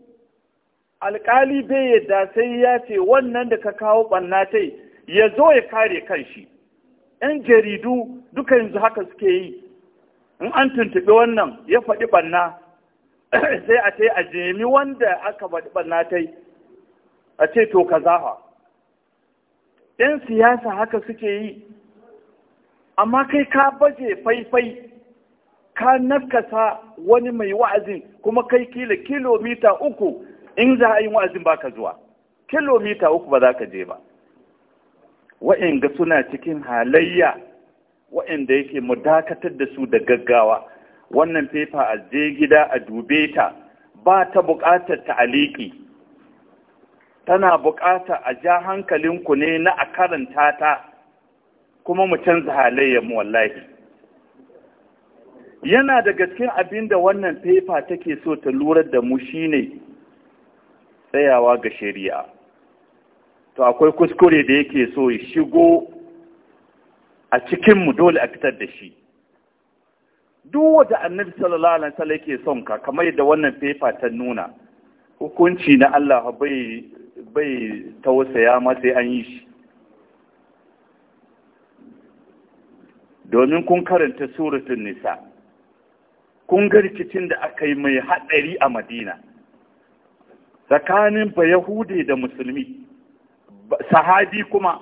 alƙali bai yadda sai ya ce wannan da ka kawo ɓannatai ya zo ya kare kanshi ‘yan jaridu duka yanzu haka suke yi in an tuntuɓi wannan ya faɗi ɓanna <clears throat> sai a ce a jemi wanda aka faɗi ɓanna tai a ce to ka zafa ‘yan siyasa haka suke yi amma kai ka baje faifai ka nakasa wani mai wa'azin kuma kai kila kilomita uku in za a yi wa'azin ba ka zuwa kilomita uku ba za ka je ba wa'inda suna cikin halayya wa'inda yake mu dakatar da su da gaggawa wannan fefa a je gida a dube ta ba ta buƙatar ta'aliki tana buƙatar a ja hankalinku ne na a karanta ta kuma mu canza halayyar mu wallahi yana da cikin abin da wannan fefa take so ta lura da mu shine tsayawa ga shari'a to akwai kuskure da yake so ya shigo a cikinmu dole a fitar da shi duk wata annabi sallallahu alaihi wasallam yake son ka kamar yadda wannan fefa ta nuna hukunci na Allah bai bai tausaya ma sai an yi shi domin kun karanta suratul nisa kun ga rikicin da aka yi mai haɗari a madina tsakanin ba Yahudi da musulmi sahabi kuma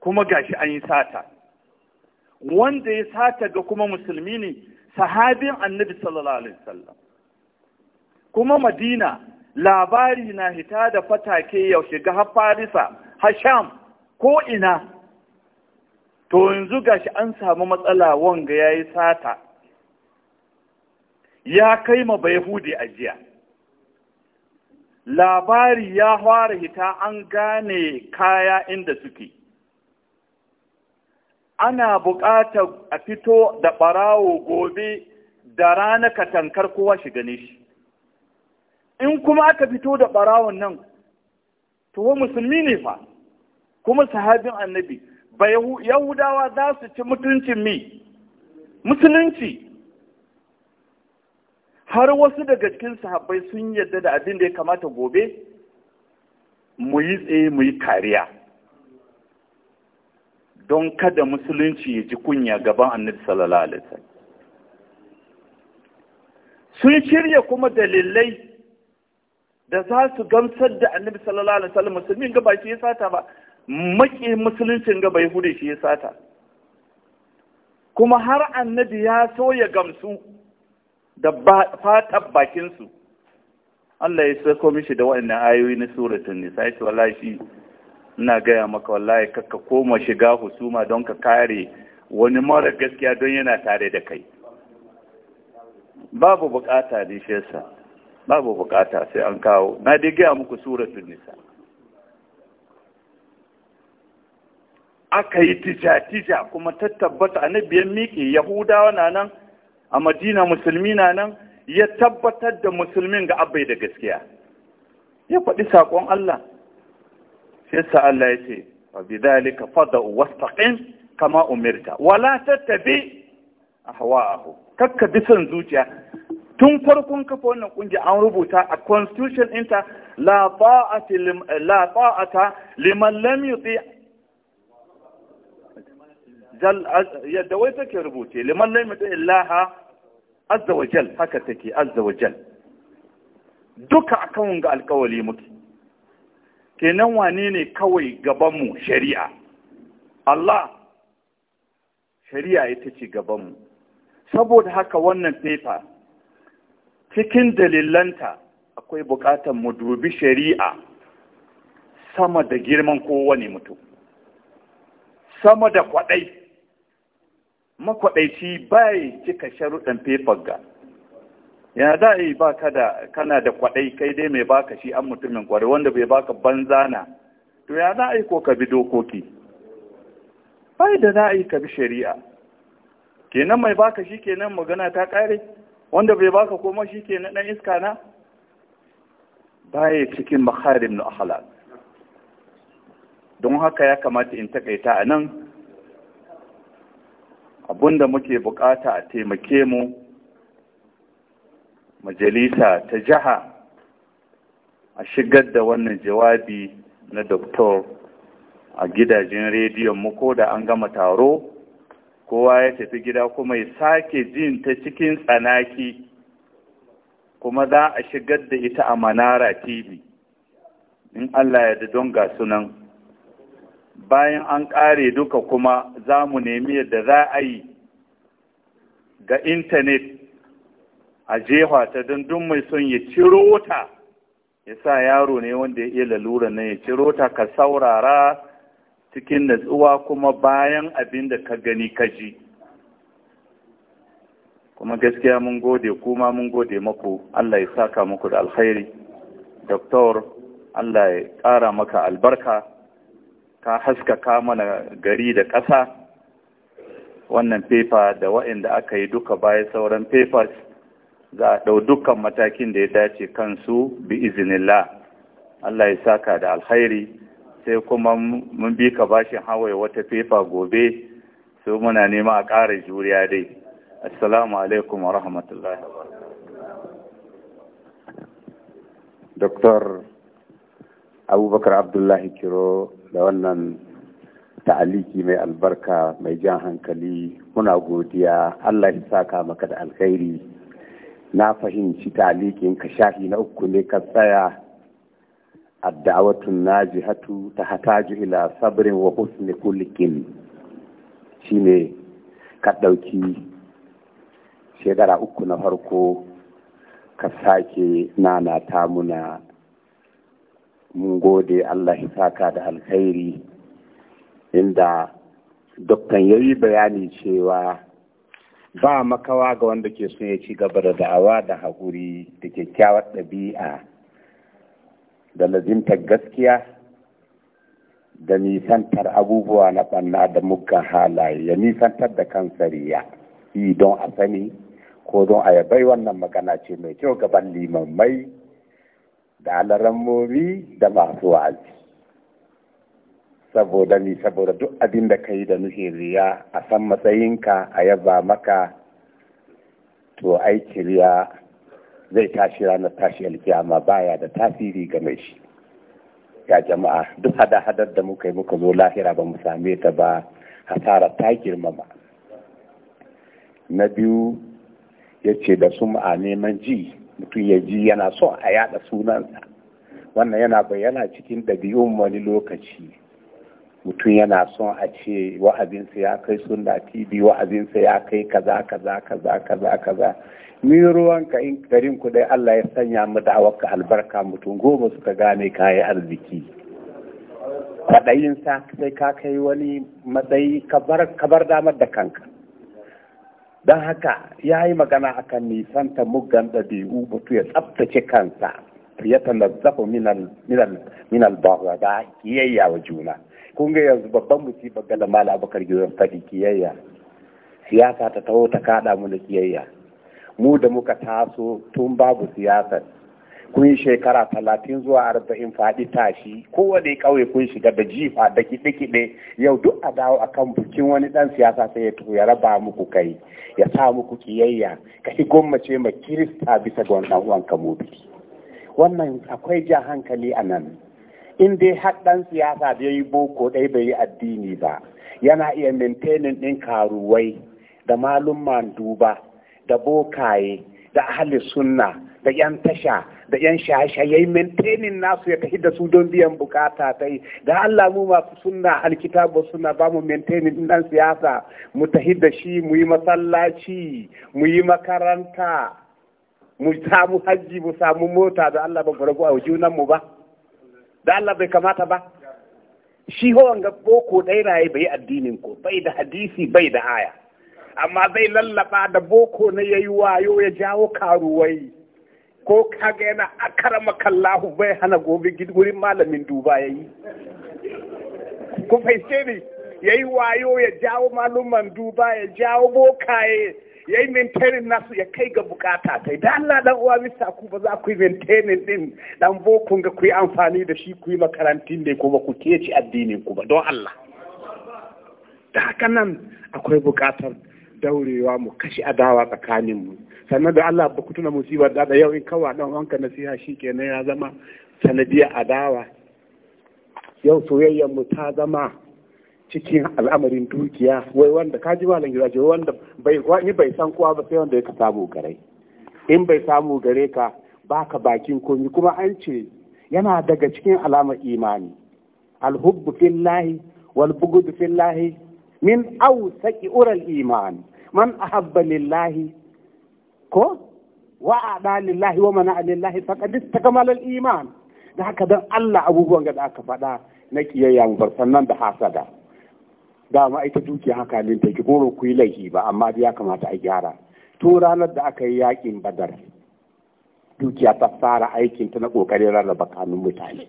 kuma gashi an yi sata wanda ya sata ga kuma musulmi ne sahabin annabi sallallahu alaihi wasallam kuma madina labari na hita da fatake ya shiga har farisa hasham ko ina to yanzu gashi an samu matsala wanga yayi sata ya kai ma bayahudi ajiya labari ya fara hita an gane kaya inda suke ana buƙatar a fito da ɓarawo gobe da rana katankar kowa shi gane shi in kuma aka fito da ɓarawon nan to musulmi ne fa kuma sahabin annabi ba yahudawa za su ci mutuncin mi musulunci har wasu daga cikin sahabbai sun yadda da abin da ya kamata gobe mu yi tsaye mu yi kariya don kada musulunci ya ji kunya gaban annabi sallallahu alaihi wasallam sun shirya kuma dalilai da za su gamsar da annabi sallallahu alaihi wasallam musulmin gaba shi ya sata ba maki musuluncin gaba ya yahudi shi ya sata kuma har annabi ya so ya gamsu da fatar bakinsu Allah ya sako mishi da waɗannan ayoyi na suratun nisa ya ce wallahi shi ina gaya maka wallahi kakka koma shiga husuma don ka kare wani mara gaskiya don yana tare da kai babu bukata ne shi yasa babu bukata sai an kawo na dai gaya muku suratun nisa aka yi tija-tija kuma ta tabbata annabiyan miki yahudawa na nan a madina musulmi na nan ya tabbatar da musulmin ga abai da gaskiya ya faɗi saƙon Allah sai sa Allah ya ce wa bidhalika fada'u wastaqim kama umirta wala tattabi ahwa'ahu kakka bi son zuciya tun farkon kafa wannan kungiya an rubuta a constitution ɗinta la la ta'ata liman lam yuti yadda wai take rubuce liman lam yuti illaha azza haka take azza duka akan wanga alkawali muke kenan wane ne kawai gabanmu shari'a Allah shari'a ita ce mu. saboda haka wannan fefa cikin dalilanta akwai bukatar mu dubi shari'a sama da girman kowane mutum sama da kwaɗai makwaɗaici bai cika sharuɗin fefar ga za da yi ba ka da kana da kwaɗai kai dai mai baka shi an mutumin kwari wanda bai baka banzana to ya za a ko ka bi dokoki bai da za a yi ka bi shari'a kenan mai baka shi kenan magana ta ƙare wanda bai baka koma shi kenan ɗan iska na baya cikin makarim na don haka ya kamata in takaita a nan Abin da muke bukata a taimake mu majalisa ta jiha a shigar da wannan jawabi na doktor a gidajen rediyon mu ko da an gama taro kowa ya tafi gida kuma ya sake jin ta cikin tsanaki kuma za a shigar da ita a manara tv in allah ya don ga sunan bayan an ƙare duka kuma za mu nemi yadda za a yi ga intanet a jefa ta don mai son ya ciro ta ya sa yaro ne wanda ya iya lalura na ya ciro ta ka saurara cikin natsuwa kuma bayan abin da ka gani ka ji kuma gaskiya mun gode kuma mun gode maku Allah ya saka muku da alkhairi doktor Allah ya ƙara maka albarka ka haskaka mana gari da ƙasa wannan fefa da waɗanda aka yi duka baya sauran fefas za a ɗau dukkan matakin da ya dace kansu bi izinillah Allah ya saka da alkhairi sai kuma mun bi ka bashin hawaye wata fefa gobe su muna nema a ƙara juriya dai assalamu alaikum wa rahmatullahi wa Dr. Abubakar Abdullahi Kiro da wannan ta'aliki mai albarka mai jan hankali muna godiya Allah ya saka maka da alkhairi na fahimci ta'alikin ka shafi na uku ne ka tsaya a ji najihatu ta hataju ila sabrin wa husni shi shine ka ɗauki shekara uku na farko ka sake nana ta muna mun gode Allah ya saka da alkhairi inda dukkan yayi bayani cewa ba makawa ga wanda ke son ya ci gaba da da'awa da haƙuri da kyakkyawar ɗabi'a da lazimtar gaskiya da nisantar abubuwa na ɓanna da muggan halaye ya nisantar da kansa riya yi don a sani ko don a yabai wannan magana ce mai kyau gaban limamai da alarammomi da masu wa'azi saboda ni saboda duk abin da ka yi da nufin riya a san matsayinka a yaba maka to aiki riya zai tashi ranar tashi alkiyama baya da tasiri game shi ya jama'a duk hada-hadar da muka yi muka zo lahira ba mu same ta ba hasara ta girmama na biyu ya ce da su neman ji mutum ya ji yana so a yada sunansa wannan yana bayyana cikin ɗabi'un wani lokaci mutum yana so a ce wa'azinsa ya kai sunna tv wa'azinsa ya kai kaza kaza kaza kaza kaza ni ruwanka in garin ku dai Allah ya sanya mu wakka albarka mutum goma suka gane kayi arziki kwaɗayin sa sai ka kai wani matsayi ka bar damar da kanka don haka ya yi magana a akan nisanta muggan ɗabi'u mutu ya tsabtace kansa ya tanazzafa minal bahwa da kiyayya wa juna kun ga yanzu babban musiba ga da mala abakar gidan faɗi kiyayya siyasa ta taho ta kaɗa mu da kiyayya mu da muka taso tun babu siyasa. kun shekara talatin zuwa arba'in faɗi tashi kowane ƙauye kun shiga da jifa da kiɗe-kiɗe yau duk a dawo a kan bikin wani ɗan siyasa sai ya tuhu ya raba muku kai ya sa muku kiyayya ka yi gwammace ma kirista bisa ga wani ɗan mobili wannan akwai jan hankali a nan in dai har ɗan siyasa da ya yi boko ɗai bai yi addini ba yana iya mintenin ɗin karuwai da malumman duba da bokaye da ahli sunna da yan tasha da yan shaye-shaye maintaining nasu ya tafi da su don biyan bukata ta yi da Allah mu masu sunna alkitabu suna ba mu maintaining ɗan siyasa mu tafi da shi mu yi masallaci mu yi makaranta mu samu hajji mu samu mota da Allah ba rabu a junan mu ba da Allah bai kamata ba shi hawan ga boko raye bai addinin ko bai da hadisi bai da aya amma zai lallaba da boko na yayi wayo ya jawo karuwai ko kaga yana akarama kallahu bai hana gobe gurin malamin duba ya yayi ku ne ya yi wayo ya jawo maluman duba ya jawo bokaye ya yi maintainin nasu ya kai ga bukata ta da Allah dan uwa mista ku ba za ku yi maintainin din dan bokun ga ku yi amfani da shi ku yi makarantin da ko ba ku keci addinin ku ba don Allah da haka nan akwai bukatar daurewa mu kashi adawa tsakanin mu sannan da Allah ba kutuna musibar da da yau in kawa dan wanka nasiha shikenan ya zama sanadiyar adawa yau soyayyar mu ta zama cikin al'amarin dukiya wai wanda ka ji malam gida wanda bai ni bai san kowa ba sai wanda ya samu gare in bai samu gare ka baka bakin komi kuma an ce yana daga cikin alamar imani alhubbu fillahi wal bughd fillahi min awsaqi ural imani man ahabba lillahi ko wa ada lillahi wa mana lillahi faqad ta iman da haka don Allah abubuwan da aka faɗa na kiyayya bar sannan da hasada ma ita dukiya haka ne ta kuma ku yi laifi ba amma ya kamata a gyara to ranar da aka yi yakin badar dukiya ta fara aikin ta na kokarin rarraba kanun mutane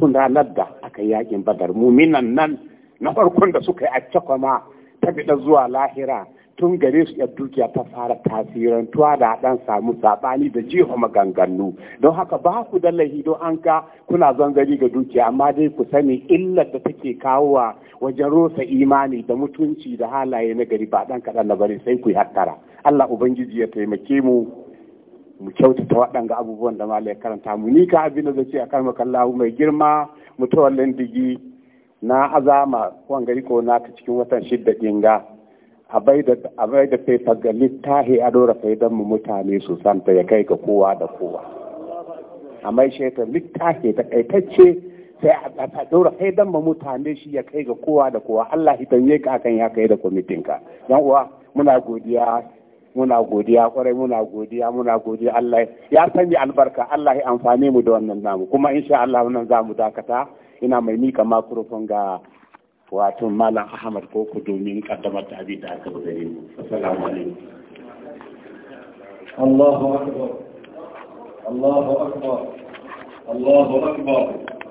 tun ranar da aka yi yakin badar muminan nan na farkon da suka yi a cakwama ta fiɗa zuwa lahira tun gare su ya dukiya ta fara tasirantuwa da dan samu saɓani da jiho maganganu don haka ba ku da lahi don an ka kuna zanzari ga dukiya amma dai ku sani illar da take kawowa wajen rosa imani da mutunci da halaye na gari ba ɗan kaɗan na bari sai ku yi hattara Allah Ubangiji ya taimake mu mu kyautata waɗanga abubuwan da malaya karanta mu ni ka abin da zai ce a kan makallahu mai girma mutawallin digi na azama wanga ko na ta cikin watan shidda dinga a bai da fefa ga littahi a dora faidan mu mutane su santa ya kai ga kowa da kowa a mai shaitan littahi ta kaitacce sai a dora faidan mu mutane shi ya kai ga kowa da kowa Allah hitan yi ka kan ya kai da kwamitin ka yan uwa muna godiya muna godiya kwarai muna godiya muna godiya Allah ya sanya albarka Allah ya amfane mu da wannan namu kuma insha Allah wannan za mu dakata ina mai mika makurufin ga wato malam ahmad koko domin kaddamar da abin da aka gare mu assalamu alaikum Allahu akbar Allahu akbar Allahu akbar